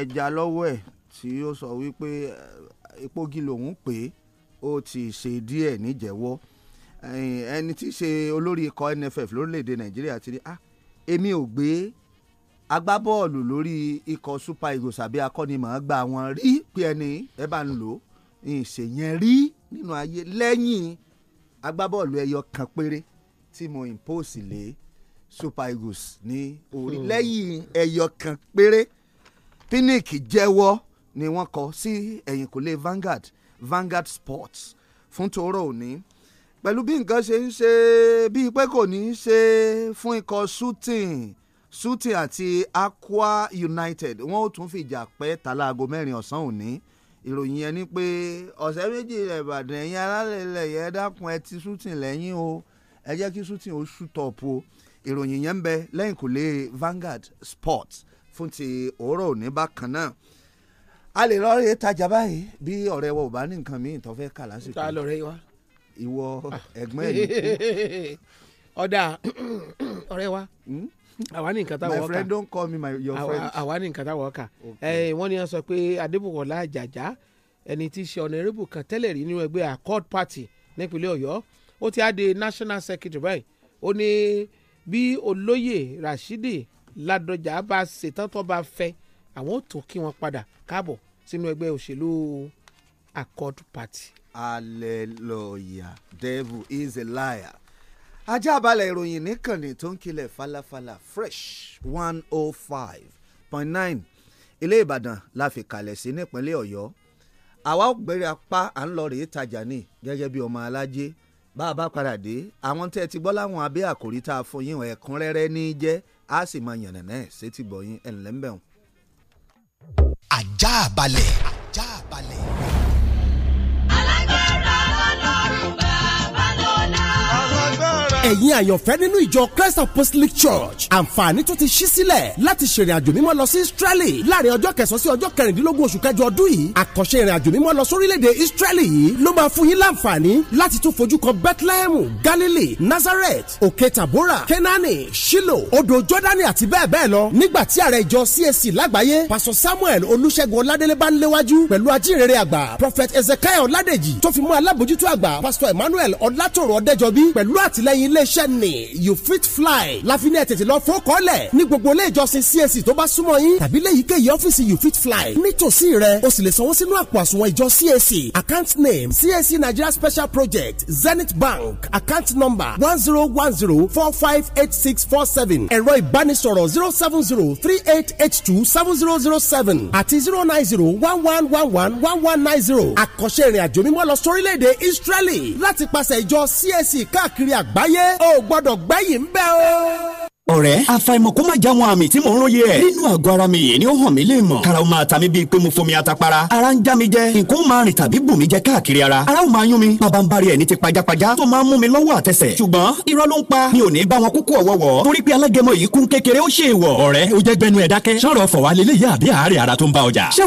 ẹja lọ́wọ́ ẹ̀ tí ó sọ wípé epogi lòun pè é ó ti ṣe díẹ̀ níjẹ̀wọ́ ẹni tí í ṣe olórí ikọ̀ NFF lórílẹ̀‐èdè Nàìjíríà ti ní ah èmi ò gbé agbábọ́ọ̀lù lórí ikọ̀ Super Eagles àbí akọ́nimọ̀ọ́gbà wọn rí pé ẹni ẹ bá ń lò ìṣèyẹn rí nínú ayé lẹ́yìn agbábọ́ọ̀lù ẹyọ kan péré tí mo impose lé e, super eagles ní orí hmm. lẹ́yìn ẹyọ kan péré pinnick jẹ́wọ́ ni wọ́n kọ sí ẹ̀yìnkùlé Vanguard Vanguard Sports fún tòórọ́ òní pẹ̀lú bí nǹkan ṣe ń ṣe bíi pé kò ní í ṣe fún ikọ̀ shooting shooting àti Aqua United wọ́n ó tún fìjà pẹ́ tàlà aago mẹ́rin ọ̀sán òní ìròyìn yẹn ni pé ọ̀sẹ̀ méjì rẹ̀ Ìbàdàn ẹ̀yìn alálẹ̀ ilẹ̀ yẹn dákun ẹ ti shooting lẹ́yìn o ẹ jẹ́ kí shooting ó shoot up ìròyìn yẹn ń bẹ lẹ́yìn kò lé Vanguard Sports fún ti òórọ̀ òní bákan náà a lè lọ rí ìtajà báyìí bí ọ̀rẹ́ wa ò bá ní nǹkan míì tó fẹ́ kà lásìkò. ta lọ̀rẹ́ wa. ìwọ ẹ̀gbọ́n ẹ̀ ni. ọ̀dà ọ̀rẹ́ wa hmm? àwa ní nǹkan táwọn ọkà my friend don't call me my your friend. àwa ní nǹkan táwọn ọkà wọ́n ní wọ́n sọ pé adébùkọ̀lá àjàjà ẹni tí í ṣe ọ̀nàrẹ́bù kan tẹ́lẹ̀ rí nínú ẹgbẹ́ accord party nípínlẹ̀ ọ̀yọ́ ó ti á di national secretary báyìí ó ní. Ni bí olóyè Rashidi Ládọjà bá ṣetán tó bá fẹ́ àwọn ò tó kí wọn padà káàbọ̀ sínú ẹgbẹ́ òṣèlú Accord Party. hallelujah devil is a liar ajá balẹ̀ ìròyìn níkànnì tó ń kilẹ̀ falafala fresh one oh five point nine ilé ìbàdàn la fi kalẹ̀ sí nípínlẹ̀ ọ̀yọ́ àwa ògbẹ́rẹ́ apá à ń lọ rèé tajà ní gẹ́gẹ́ bí ọmọ alájẹ́ bá a bá padà dé àwọn tẹ́ ẹ ti gbọ́ láwọn abẹ́ àkòrí tá a fún yín ẹ̀kúnrẹ́rẹ́ ní í jẹ́ a sì máa yànnà náà sétí gbọ̀yìn ẹ̀ ńlẹ́ mbẹ̀hùn. ajá balẹ̀ ajá balẹ̀. alágbára lọ́lọ́run bá ẹ̀yin àyànfẹ́ nínú ìjọ Christ Apostolic Church àǹfààní tó ti ṣí sílẹ̀ láti ṣèrìn àjò mímọ́ lọ sí Israeli láàrin ọjọ́ kẹsàn-án sí ọjọ́ kẹrìndínlógún oṣù kẹjọ ọdún yìí àkànṣe ìrìn àjò mímọ́ lọ sórílẹ̀-èdè Israeli yìí ló máa fún yín láǹfààní láti tún fojú kan Bethlehem Galilee Nazareth Òkè Tabora Kenani Shilo odò Jordani àti bẹ́ẹ̀ bẹ́ẹ̀ lọ nígbà tí ààrẹ ìjọ CAC lágbàáyé Pastor Samuel Olúṣẹ́gun Ọládélé bá ń léwájú pẹ̀lú ajínrere àgbà Prophet Ezekiel Ọládèjì tó fi mú alábòjútó àgbà Pastor Emmanuel Ọlátòrò Ọdẹ́jọbí pẹ̀lú àtìlẹ́yìn iléeṣẹ́ ni you fit fly láfiní ẹ̀ tètè lọ fún kọ́lẹ̀ ní gbogbo ilé ìjọsìn CAC tó bá súnmọ́ yín tàbí léyìíkéyìí ọ́fíìsì you fit fly nítòsí rẹ o sì lè sanwó sínú àpò àsùnwọ̀n ìjọ CAC account name CAC Nigeria Special Project Zenith Bank account number one zero one zero four five eight six four seven ẹ̀rọ ìbánisọ̀rọ̀ zero seven zero three eight eight two seven zero zero seven àti zero nine zero one one one one one one nine zero àkànṣe ìrìnàjò mímọ́ lọ sórílẹ̀-èdè Israeli láti pàṣẹ ìjọ CAC káàkiri àgbáyé o gbọ́dọ̀ gbẹ́yìn ń bẹ́ o ọ̀rẹ́ àfàìmọ̀ kó má já wọn àmì tí mò ń róye ẹ̀. nínú àgọ́ ara mi yìí ni ó hàn mí lè mọ̀. karaw máa ta mi bíi pé mo fomi atapara. ara ń já mi jẹ nǹkan máa rìn tàbí bù mí jẹ káàkiri ara. ara ò máa yún mi. bàbá ń bari ẹ̀ ní ti pajápajá tó máa ń mú mi lọ́wọ́ àtẹsẹ̀. ṣùgbọ́n irọ́ ló ń pa mi ò ní bá wọn kúkú ọ̀wọ́wọ́. torí pé alágẹmọ yìí kún kékeré ó ṣe ìwọ̀. ọ̀rẹ́ o jẹ́ gbẹnu ẹ̀ dákẹ́. sọ̀rọ̀ fọ̀wá lélẹ̀ yá àbí àárẹ̀ ara tó ń bá ọjà. ṣé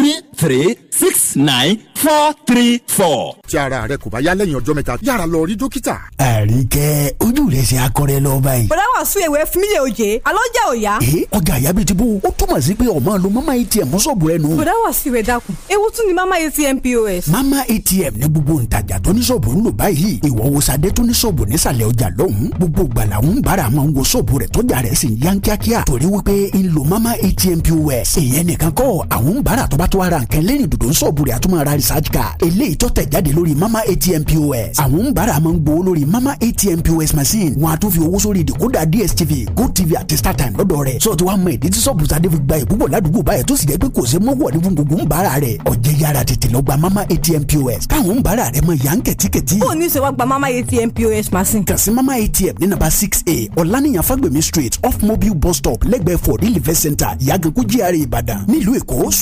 three three six nine four three four. tí ara rẹ kò bá yá lẹ́yìn ọjọ́ mẹ́ta yára lọ rí dókítà. àríkẹ́ ojú rẹ̀ ṣe akọrẹ lọ báyìí. bọ̀dá wà sún ewé fúnmílẹ̀ òye alọ́ jẹ́ òya. ee ọjà àyà bíi ti bó o túmọ̀ sí pé ọmọ lo mama atm sọ̀bù rẹ nù. bọ̀dá wà sí ìwé dàkún ewu tún ni mama atm pos. mama atm ní gbogbo ntajà tó ní sọ̀bù ń lò báyìí ìwọ wo sadé tó ní sọ̀bù nísàlẹ̀ ọjà lọ́hùn gbogbo gbala ń bára máa ń wo sọ̀bù rẹ̀ tọ́jà rẹ̀ sì ń yán kíákíá mama atm pos èèyàn nìkan kọ́ àwọn ń tó ara nǹkan lẹ́yìn dòdò ń sọ̀bù àtúmọ̀ ara research card eléyìí tó tẹ̀ jáde lórí mama atm pos àwọn ń bára máa ń gbowó lórí mama atm pos machine wọn a tún fi owó sórí ìdìkúdà dstv gotv àti startime lọ́dọ̀ rẹ̀ sọ ti wá mọ ìdí tí sọ̀bù sadé fi gba ìbúbọ̀ ládùúgbò báyẹn tó sì jẹ́ pé kò ṣe mọ́wọ́ ní gbogbo ń bára rẹ̀ ọ̀jẹ̀ yára tètè lọ gba mama atm pos káwọn ń bára rẹ̀ mọ ìyá kẹ̀tíkẹ̀tí.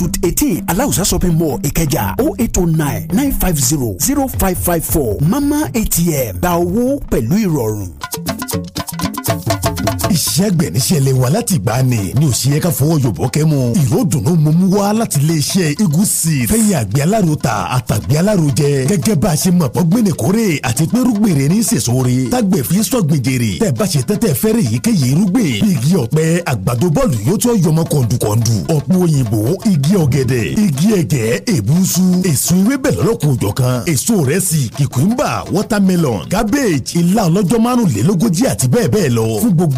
ó ní ní aláùsá shopping mall ìkẹjà o oh eight o oh nine mama atm gba owó pẹ̀lú ìrọ̀rùn iṣẹ́ àgbẹ̀ níṣẹ́ lè wá láti gbà ní ní òṣìyẹ ká fọwọ́ yòbọ̀ kẹ́ mu ìró dùnú mo mú wá láti lè ṣe igun sí i fẹ́yìn àgbẹ̀ aláró ta àtàgbẹ̀ aláró jẹ gẹ́gẹ́ bá a ṣe mọ̀ pọ́ gbẹ̀nẹ̀ kórè àti pé rúgbèrè ní sèṣore tágbẹ̀ fi sọ́gbìn jèrè tẹ́ bá ṣe tẹ́tẹ́ fẹ́rẹ̀ yìí kéye rúgbìn igi ọ̀pẹ àgbàdo bọ́ọ̀lù yóò tún yọmọ kọ̀ǹdùkọ̀ǹdù ọ̀pẹ igi ọ̀gẹ̀dẹ̀ igi ẹ̀gẹ́ èbúsú èso ewébẹ̀ lọ́lọ́kùn òjọ̀kan èso rẹ̀sì watermelon cabbage ilá ọlọ́jọ́ márùnlélógójì àti bẹ́ẹ̀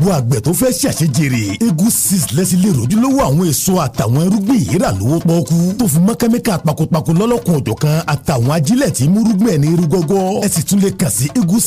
gbogbo àgbẹ̀ tó fẹ́ ṣàṣejèrè egu six lẹ́sílẹ̀ rojúlówó àwọn èso àtàwọn irúgbìn yìí rà lówó pọ́ọ́kú tó fi mọ́ kẹ́míkà pakopako lọ́lọ́kun òjọ̀kan àtàwọn ajílẹ̀ tí mú rúgbìn ẹni irú gọ́gọ́ ẹ sì tún lè kàn sí egu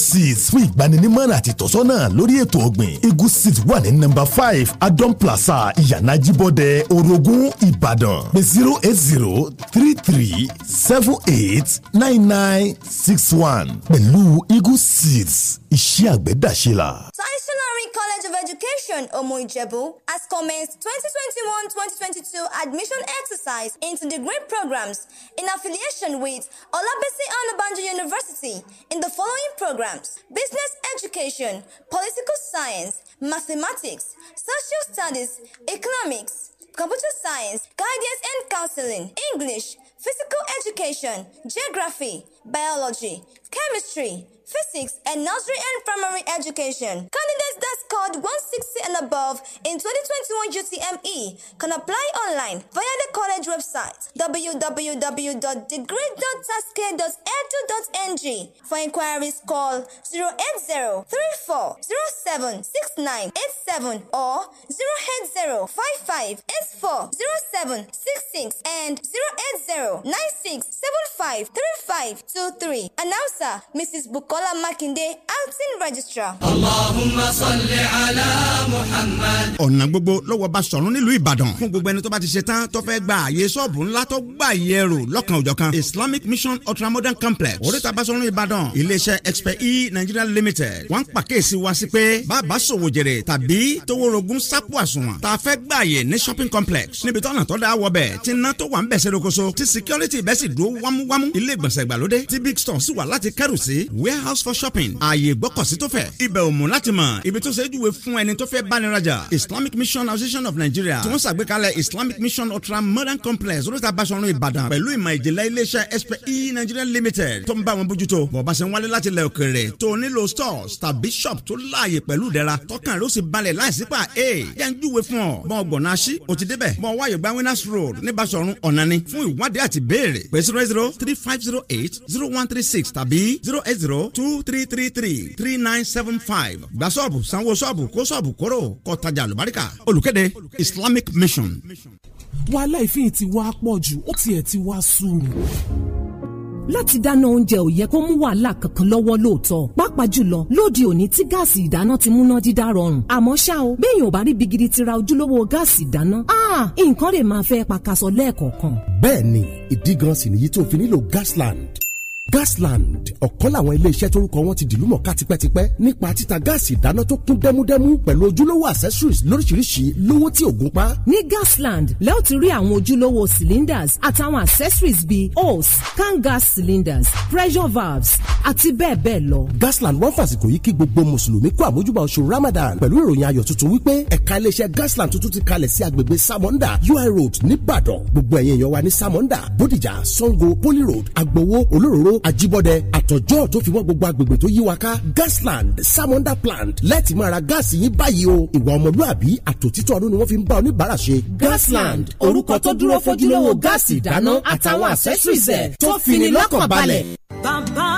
fún ìgbaninímọ̀ràn àti ìtọ́sọ́nà lórí ètò ọ̀gbìn egu wà ní nọ́mbà five Adam plaza ìyànà jíbọ̀dẹ orogún ìbàdàn pé zero eight zero three three seven eight nine nine six one pẹ̀lú egu six iṣẹ́ àgbẹ̀dàṣe la. taisola College of Education, Omoijebu, has commenced 2021-2022 admission exercise into degree programs in affiliation with Olabisi Anabanjo University in the following programs: Business Education, Political Science, Mathematics, Social Studies, Economics, Computer Science, Guidance and Counseling, English, physical education, geography, biology, chemistry, physics, and nursery and primary education. Candidates that scored 160 and above in 2021 UTME can apply online via the college website www.degree.taske.edu.ng. For inquiries, call 080-3407-6987 or 080 and 080 9675353523. Announcer Mrs. Bukola Makinde, Acting Registrar. Allahumma salli ala Muhammad. Ọ̀nà gbogbo lọ́wọ́ bá sọ̀rọ̀ nílùú Ìbàdàn. Fún gbogbo ẹni tó bá ti ṣe tán tó fẹ́ gba àyè sọ́ọ̀bù ńlá tó gbà yẹ rò lọ́kàn òjọ̀kan. Islamic Mission Ultramodern Complex. Oríta Basọ̀rún Ìbàdàn. Iléeṣẹ́ Expert E Nigeria Limited. Wọ́n ń pàkíyèsí wa sí pé bàbá sòwò jèrè tàbí toworogun sápò àsùnwọ̀n. Tá fẹ́ gbà yẹ ní shopping complex. Níbi tọ́nà tó dáa wọ bẹ̀ tí iná tó wà security bẹ́ẹ̀ sì dúró wámúwámú. ilé ìgbọ̀nsẹ̀ ìgbàlódé tí big store sì wà láti kẹ́rù sí warehouse for shopping ààyè ìgbọ́kọ̀sí tó fẹ̀. ibẹ̀ ò mú láti mọ̀ ibi tó ṣe é júwe fún ẹni tó fẹ́ báni islamic mission association of nigeria tí wọ́n ṣàgbékalẹ̀ islamic mission ultra modern complex olóòtú abáṣọrun ibadan. pẹ̀lú ìmọ̀ ìjìnlẹ̀ iléeṣẹ́ expe nigeria limited tó ń bá wọn bójútó bọ̀bá ṣe ń wálé láti ilẹ̀ òkèèrè tó nílò stores tàbí Bishop. tó láàyè pẹ̀lú ìdẹ̀ra tọkàn rẹ ó sì balẹ̀ láìsí pa e yẹn júwe fún ọ bọ́n ọgbọ̀n road ní Basọ̀run ọ̀nani fún ìwádìí àti láti béèrè pé zero eight zero three five zero eight zero one three six tàbí zero eight zero two three three three three nine seven five gba sọ́ọ̀bù sanwó sọ́ọ̀bù kó sọ́ọ̀bù kóró kó tajà àlùbáríkà olùkéde Islamic Mission. wàhálà ìfihìn ti wá pọ̀ jù ó tiẹ̀ ti wá sùúrù láti dáná oúnjẹ ò yẹ kó mú wàhálà kankan lọ́wọ́ lóòótọ́ pàápàá jùlọ lóde òní tí gáàsì ìdáná ti múná dídá rọrùn àmọ́ ṣá o béèyàn ò bá rí bigidi ti ojúlówó gáàsì ìdáná nǹkan lè máa fẹ́ pakasọ lẹ́ẹ̀kọ̀ọ̀kan. bẹ́ẹ̀ni ìdí sì nìyí tó fi nílò Gasland Gasland ọ̀kan làwọn iléeṣẹ́ tórúkọ wọn ti dìlú mọ̀ká tipẹ́tipẹ́ nípa títa gáàsì ìdáná tó kún dẹ́múdẹ́mú pẹ̀lú ojúlówó accessories lóríṣiríṣi lówó tí ògùn pa. ní Gasland lẹ́ẹ̀ ti rí àwọn ojúlówó cylinders àtàwọn accessories bíi hose can gas cylinders pressure valves àti bẹ́ẹ̀ bẹ́ẹ̀ lọ. Gasland wọ́n fàsìkò yìí kí gbogbo mùsùlùmí kó àmójúbà oṣù Ramadan pẹ̀lú ìròyìn ayọ̀ tuntun wípé ẹ̀ka iléeṣẹ́ Gasland tuntun ti kalẹ̀ sí agbègbè Samonda UI road nìbàdàn gbogbo ẹ̀yin èèyàn wa ní Samonda Bódìjà Sango Poli road Agbowo olóróró ìwó àjíbọ̀dẹ àtọ̀jọ́ tó fi wọ́n gbogbo agbègbè tó yí wa ká gasland samonda plant láti máa ra gáàsì yín báyìí o ìwà ọmọlúàbí àtòtítọ́ ọdún ni wọ́n fi ń bá oníbàárà ṣe. gasland orúkọ tó dúró fojúlówó gáàsì ìdáná àtàwọn accessories ẹ̀ tó fini lọ́kàn balẹ̀. bàbá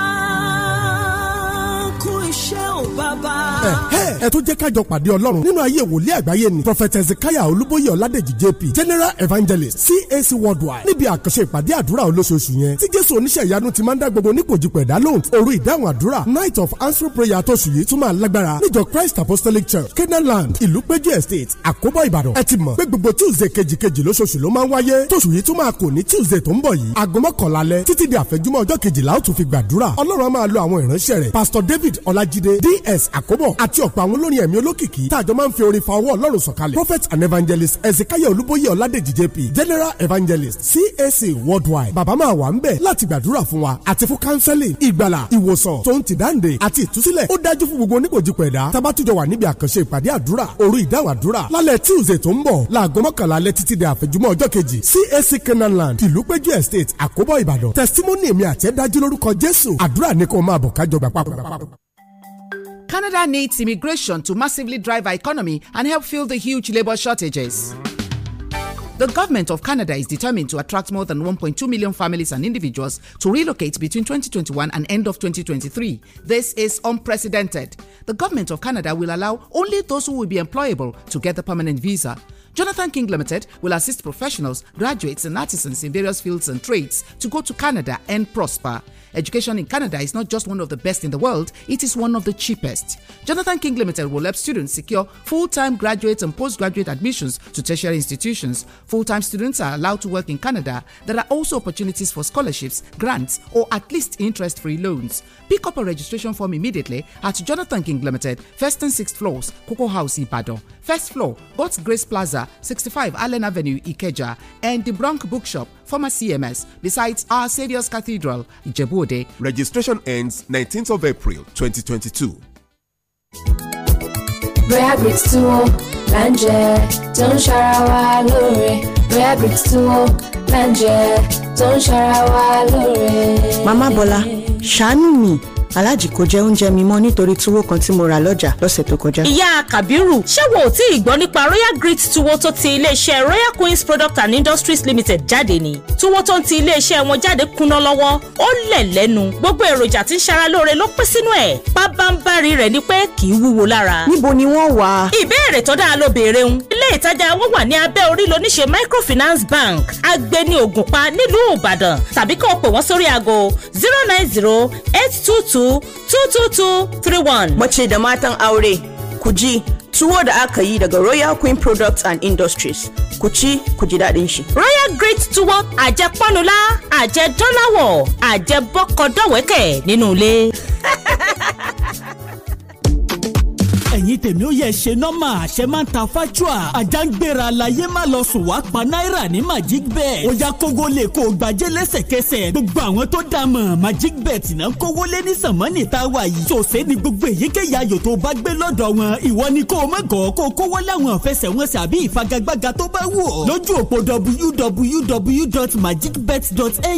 kú iṣẹ́ ò bàbá ẹ tún jẹ́ kájọ pàdé ọlọ́run nínú ayé wòlíì àgbáyé ni prophet ezekiah olúbóyè ọládèjì jp general evangelist cac worldwide níbi àkànṣe ìpàdé àdúrà olóṣooṣù yẹn tí jésù oníṣẹ́ ìyanu ti máa ń dá gbogbo nípòjìpẹ̀ dá lóhùn ìdáhùn àdúrà night of answer prayer tóṣù yìí tún máa lágbára níjọ christ apostolic church kenaland ìlúpéjú estate àkóbọ̀ ìbàdàn ẹ ti mọ̀ pé gbogbo tuesday kejìkejì lóṣooṣù ló máa ń wáyé tóṣù yìí tún máa kò ní tuesday tó ń bọ̀ yìí aago mọ́kànlá alẹ́ títí di àfẹ́júmọ́ ọjọ́ kejìlá ó tún fi gbàdúrà ọlọ́run á máa lo àwọn ìránṣẹ́ rẹ̀ pastor david ọlájídé ds àkóbọ̀ àti ọ̀pọ̀ àwọn olórin ẹ̀mí olókìkí tá a jọ máa ń fi orin fa ọwọ́ ọlọ́run sọ̀kalẹ̀ prophet and evangelist ezekiah olúbóyè ọládèjì jp general evangelist cac worldwide bàbá máa wà ń bẹ̀ láti gbàdúrà fún wa àti fún counseling ìgbàlà ìwòsàn tó ń ti dáǹde àti ìtúsílẹ̀ ó dájú fún gbogbo oníkòjìpọ̀ ẹ̀dá tabatijọ́ wà níbi àkànṣe ìpàdé àdúrà òru ìdáhùn àdúrà lálẹ́ tuesday tó ń bọ̀ láago mọ́kànlá alẹ́ títí di àfẹ̀jùmọ́ estate àkóbọ̀ ìbàdàn testimony èmi àti ẹ̀dájú lórúkọ jésù àdúrà ní kó máa Canada needs immigration to massively drive our economy and help fill the huge labor shortages. The government of Canada is determined to attract more than 1.2 million families and individuals to relocate between 2021 and end of 2023. This is unprecedented. The government of Canada will allow only those who will be employable to get the permanent visa. Jonathan King Limited will assist professionals, graduates, and artisans in various fields and trades to go to Canada and prosper. Education in Canada is not just one of the best in the world, it is one of the cheapest. Jonathan King Limited will help students secure full time graduate and postgraduate admissions to tertiary institutions. Full time students are allowed to work in Canada. There are also opportunities for scholarships, grants, or at least interest free loans. Pick up a registration form immediately at Jonathan King Limited, first and sixth floors, Coco House, Ibadan. First floor, God's Grace Plaza, 65 Allen Avenue, Ikeja, and the Bronx Bookshop, former CMS, besides Our Saviour's Cathedral, Jebode. Registration ends 19th of April 2022. Màmá Bọ́lá, ṣàánú mi aláàjì kò jẹ oúnjẹ mi mọ́ nítorí túwó kan tí mo rà lọ́jà lọ́sẹ̀ tó kọjá. ìyá kàbírù ṣé wo ò tí ì gbọ́ nípa royal grit tuwo tó ti iléeṣẹ́ royal queens product and industries limited jáde ni tuwo tó ń ti iléeṣẹ́ wọn jáde kuná lọ́wọ́ ó lẹ̀ lẹ́nu gbogbo èròjà tí ń ṣara lóore ló pín sínú ẹ̀ pábánbárì rẹ̀ ni pé kì í wúwo lára. níbo ni wọ́n wà. ìbéèrè tó dáa ló béèrè ń ilé ìtajà wọn wà ní abẹ́ orí lóníṣe microfinance bank agbeni ògùnpá nílùú ìbàdàn tàbí kàn pè wọ́n sórí aago zero nine zero eight two two two two two three one. mace da matan aure ku ji tuwo da aka yi daga royal queen products and industries ku ci ku ji daɗin shi. royal great tuwo àjẹpọ́nulá àjẹdọ́láwọ̀ àjẹbọ́kọ̀dọ̀wẹ́kẹ̀ nínú ilé. ẹ̀yin tèmi ó yẹ ṣe nọ́mà àṣẹ máa ń ta fájúà ajá ń gbéra láyé má lọ sùn wá pa náírà ní magic bet ó yá kógó lè kó gbajẹ́ lẹ́sẹ̀kẹsẹ̀ gbogbo àwọn tó dá mọ̀ magic bet náà kówó lé ní sànmọ́nì tá a wà yìí sòsé ni gbogbo èyíkéyà ayò tó bá gbé lọ́dọ̀ wọn ìwọ ni kó o mọ̀ gọ́ kó o kówó láwọn ìfẹsẹ̀wọnsẹ̀ àbí ìfagagbága tó bá wù ọ́ lójú òpó www.magicbet.ng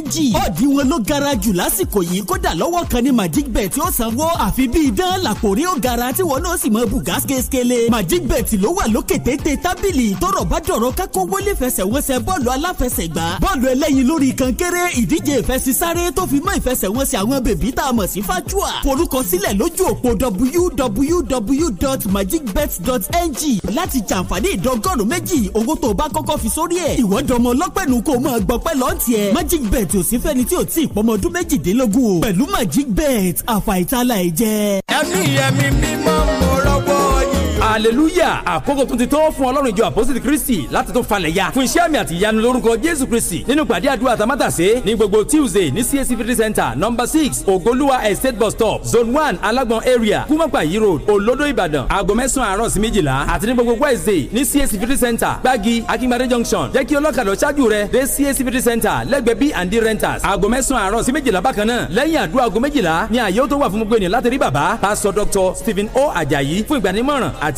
ọ̀dì wọn ló gara jù lásìkò yìí kódà lọ́wọ́ kan ní magic bet yóò sanwó àfi bíi dán làkòrí ó gara tí wọn náà sì mọ bùgá kéékèèlé magic bet ló wà lókè téńté tábìlì tọrọ bá dọ̀rọ̀ kákó wọlé fẹsẹ̀wọnsẹ̀ bọ́ọ̀lù aláfẹsẹ̀gbá bọ́ọ̀lù ẹlẹ́yin lórí kankéré ìdíje ìfẹsísáré tó fi mọ́ ìfẹsẹ̀wọnsẹ̀ àwọn bèbí tá a mọ̀ sí fájúà forúkọsílẹ̀ lójú òpó www.magicbets.ng láti jàǹfààní ìdọ́gọ́rùn méjì owó tó o bá kọ́kọ́ fi sórí ẹ̀ ìwọ́dọ̀mọ lọ́pẹ̀nu kó o máa gbọ́pẹ́ lọ́ọ̀tì ẹ̀ magic bet ò sí fẹ́ni tí ò tí ì pọ́mọ ọdún méjìdínlógún pẹ̀lú magic bet àfàìtálà ẹ̀jẹ̀. ẹ̀mí ẹ̀mí mímọ́ mo rọ hallelujah àkókò tún ti tó fún ọlọ́run ìjọ àpọ́sítì kristi láti tún falẹ̀ ya fún iṣẹ́ àmì àti ìyanu lórúkọ jésù kristi nínú pàdé àdúrà tamátàsé ní gbogbo tuesday ní csc fifty center number six ogoluwa estate bus stop zone one alágbọn area kúmọ̀pàyí road olodo ìbàdàn aago mẹ́sàn-án àárọ̀ sí méjìlá àti ní gbogbo wednesday ní csc fifty center gbági akíngbadé junction jẹ́ kí ọlọ́kadà ṣáájú rẹ dé csc fifty center lẹ́gbẹ̀ẹ́ b and d renters aago mẹ́sàn-án àárọ̀ sí méjìlá bákan náà lẹ́yìn àdúrà aago méjìlá ni àyè ó tó wà fún gbogbo ènìyàn láti stephen o ajayi fún ìgbanímọ̀ràn àti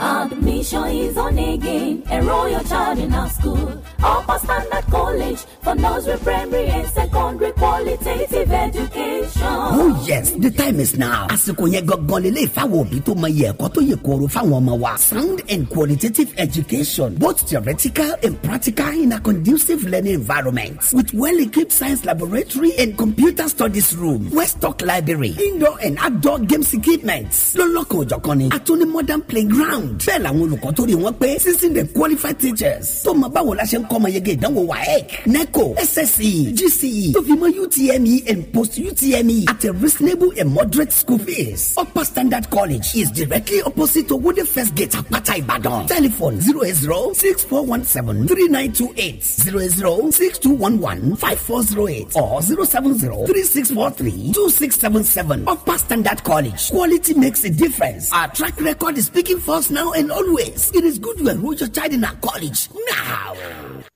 Admission is on again. Enroll your child in our school. Upper Standard College for nursery, primary, and secondary qualitative education. Oh yes, the time is now. Àsìkò yẹn gangan lélẹ̀ ìfáwọn òbí tó mọ iye ẹ̀kọ́ tó yẹ kóró fáwọn ọmọ wa. Sound and qualitative education, both theoretical and practical in a conducive learning environment with well-equipped science laboratory and computer studies room, Westock library, indoor and outdoor games equipment. Lọ́lọ́kan òjọ̀kan ni, a tún ní modern playground márùn bẹ́ẹ̀ làwọn olùkọ́ tó rí wọn pé sísìn the qualified teachers tó mọ báwo la ṣe ń kọ́ ọmọ yege ìdánwò waec neco SSE, gce tó fi mọ utme and post utme at a reasonable and moderate school fees upper standard college is directly opposite to wode first gate apata ibadan telephone zero eight zero six four one seven three nine two eight zero eight zero six two one one five four zero eight or zero seven zero three six four three two six seven seven upper standard college quality makes a difference our track record is speaking for us now. now and always. It is good you enroll your child in a college now.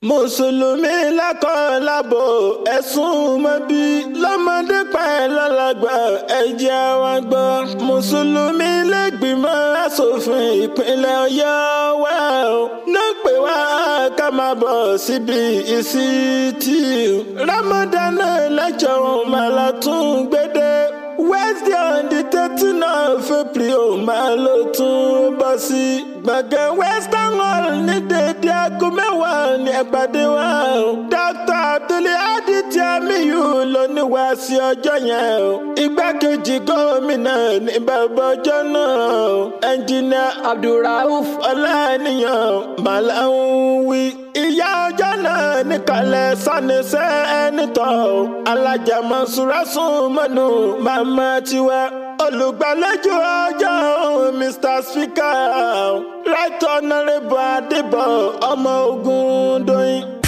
mùsùlùmí lákàn lábò ẹ̀sùn mọ́bí lọ́mọdé pàìlọ́lágbà ẹ̀jẹ̀ wa gbọ́ mùsùlùmí lẹ́gbìmọ̀ asòfin ìpínlẹ̀ ọ̀yọ́ wá o náà pè wá ká máa bọ̀ síbi ìsítì ramadan lẹ́jọ́ òun màlá tún gbédè. Wednesday on the thirteen of April máa ló tún bọ́ sí gbọ̀ngàn Western Hall ní dédé aago mẹ́wàá ní ẹ̀pàdé wa. Dr. Abdulhadi Jamiu lóníwà sí ọjọ́ yẹn o igbákejì gómìnà ní bàbá ọjọ́ náà o ẹnjìnà Abdulrauf Ọláníyàn màláwí ìyá ọjọ́ náà níkàlẹ̀ sanisẹ́ ẹnitọ́ alájà Mansura sùn mọ́nù màmá tiwa olùgbàlejò ọjọ́ Mr. Speaker Right Honourable Adébọ̀ ọmọ ogun dọ́yìn.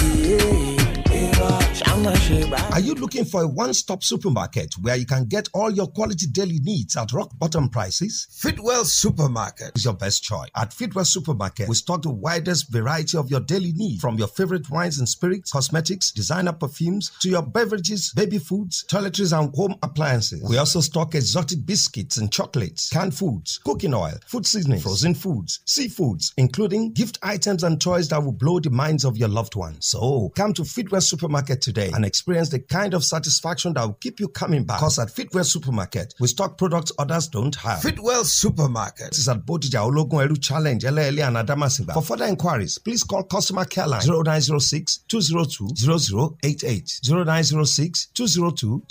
Are you looking for a one stop supermarket where you can get all your quality daily needs at rock bottom prices? Fitwell Supermarket is your best choice. At Fitwell Supermarket, we stock the widest variety of your daily needs from your favorite wines and spirits, cosmetics, designer perfumes, to your beverages, baby foods, toiletries, and home appliances. We also stock exotic biscuits and chocolates, canned foods, cooking oil, food seasoning, frozen foods, seafoods, including gift items and toys that will blow the minds of your loved ones. So come to Fitwell Supermarket today and experience the kind of satisfaction that will keep you coming back. Because at Fitwell Supermarket, we stock products others don't have. Fitwell Supermarket this is at Bodija Ologun Eru Challenge, Elele and Adamasinga. For further inquiries, please call customer care line 0906 202 0088 0906 202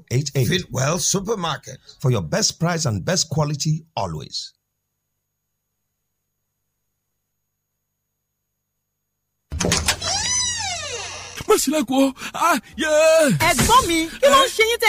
0088. Fitwell Supermarket for your best price and best quality always. you má sílẹ̀kùn o. Ah, ẹ̀gbọ́n mi kí ló ń ṣe yín tẹ́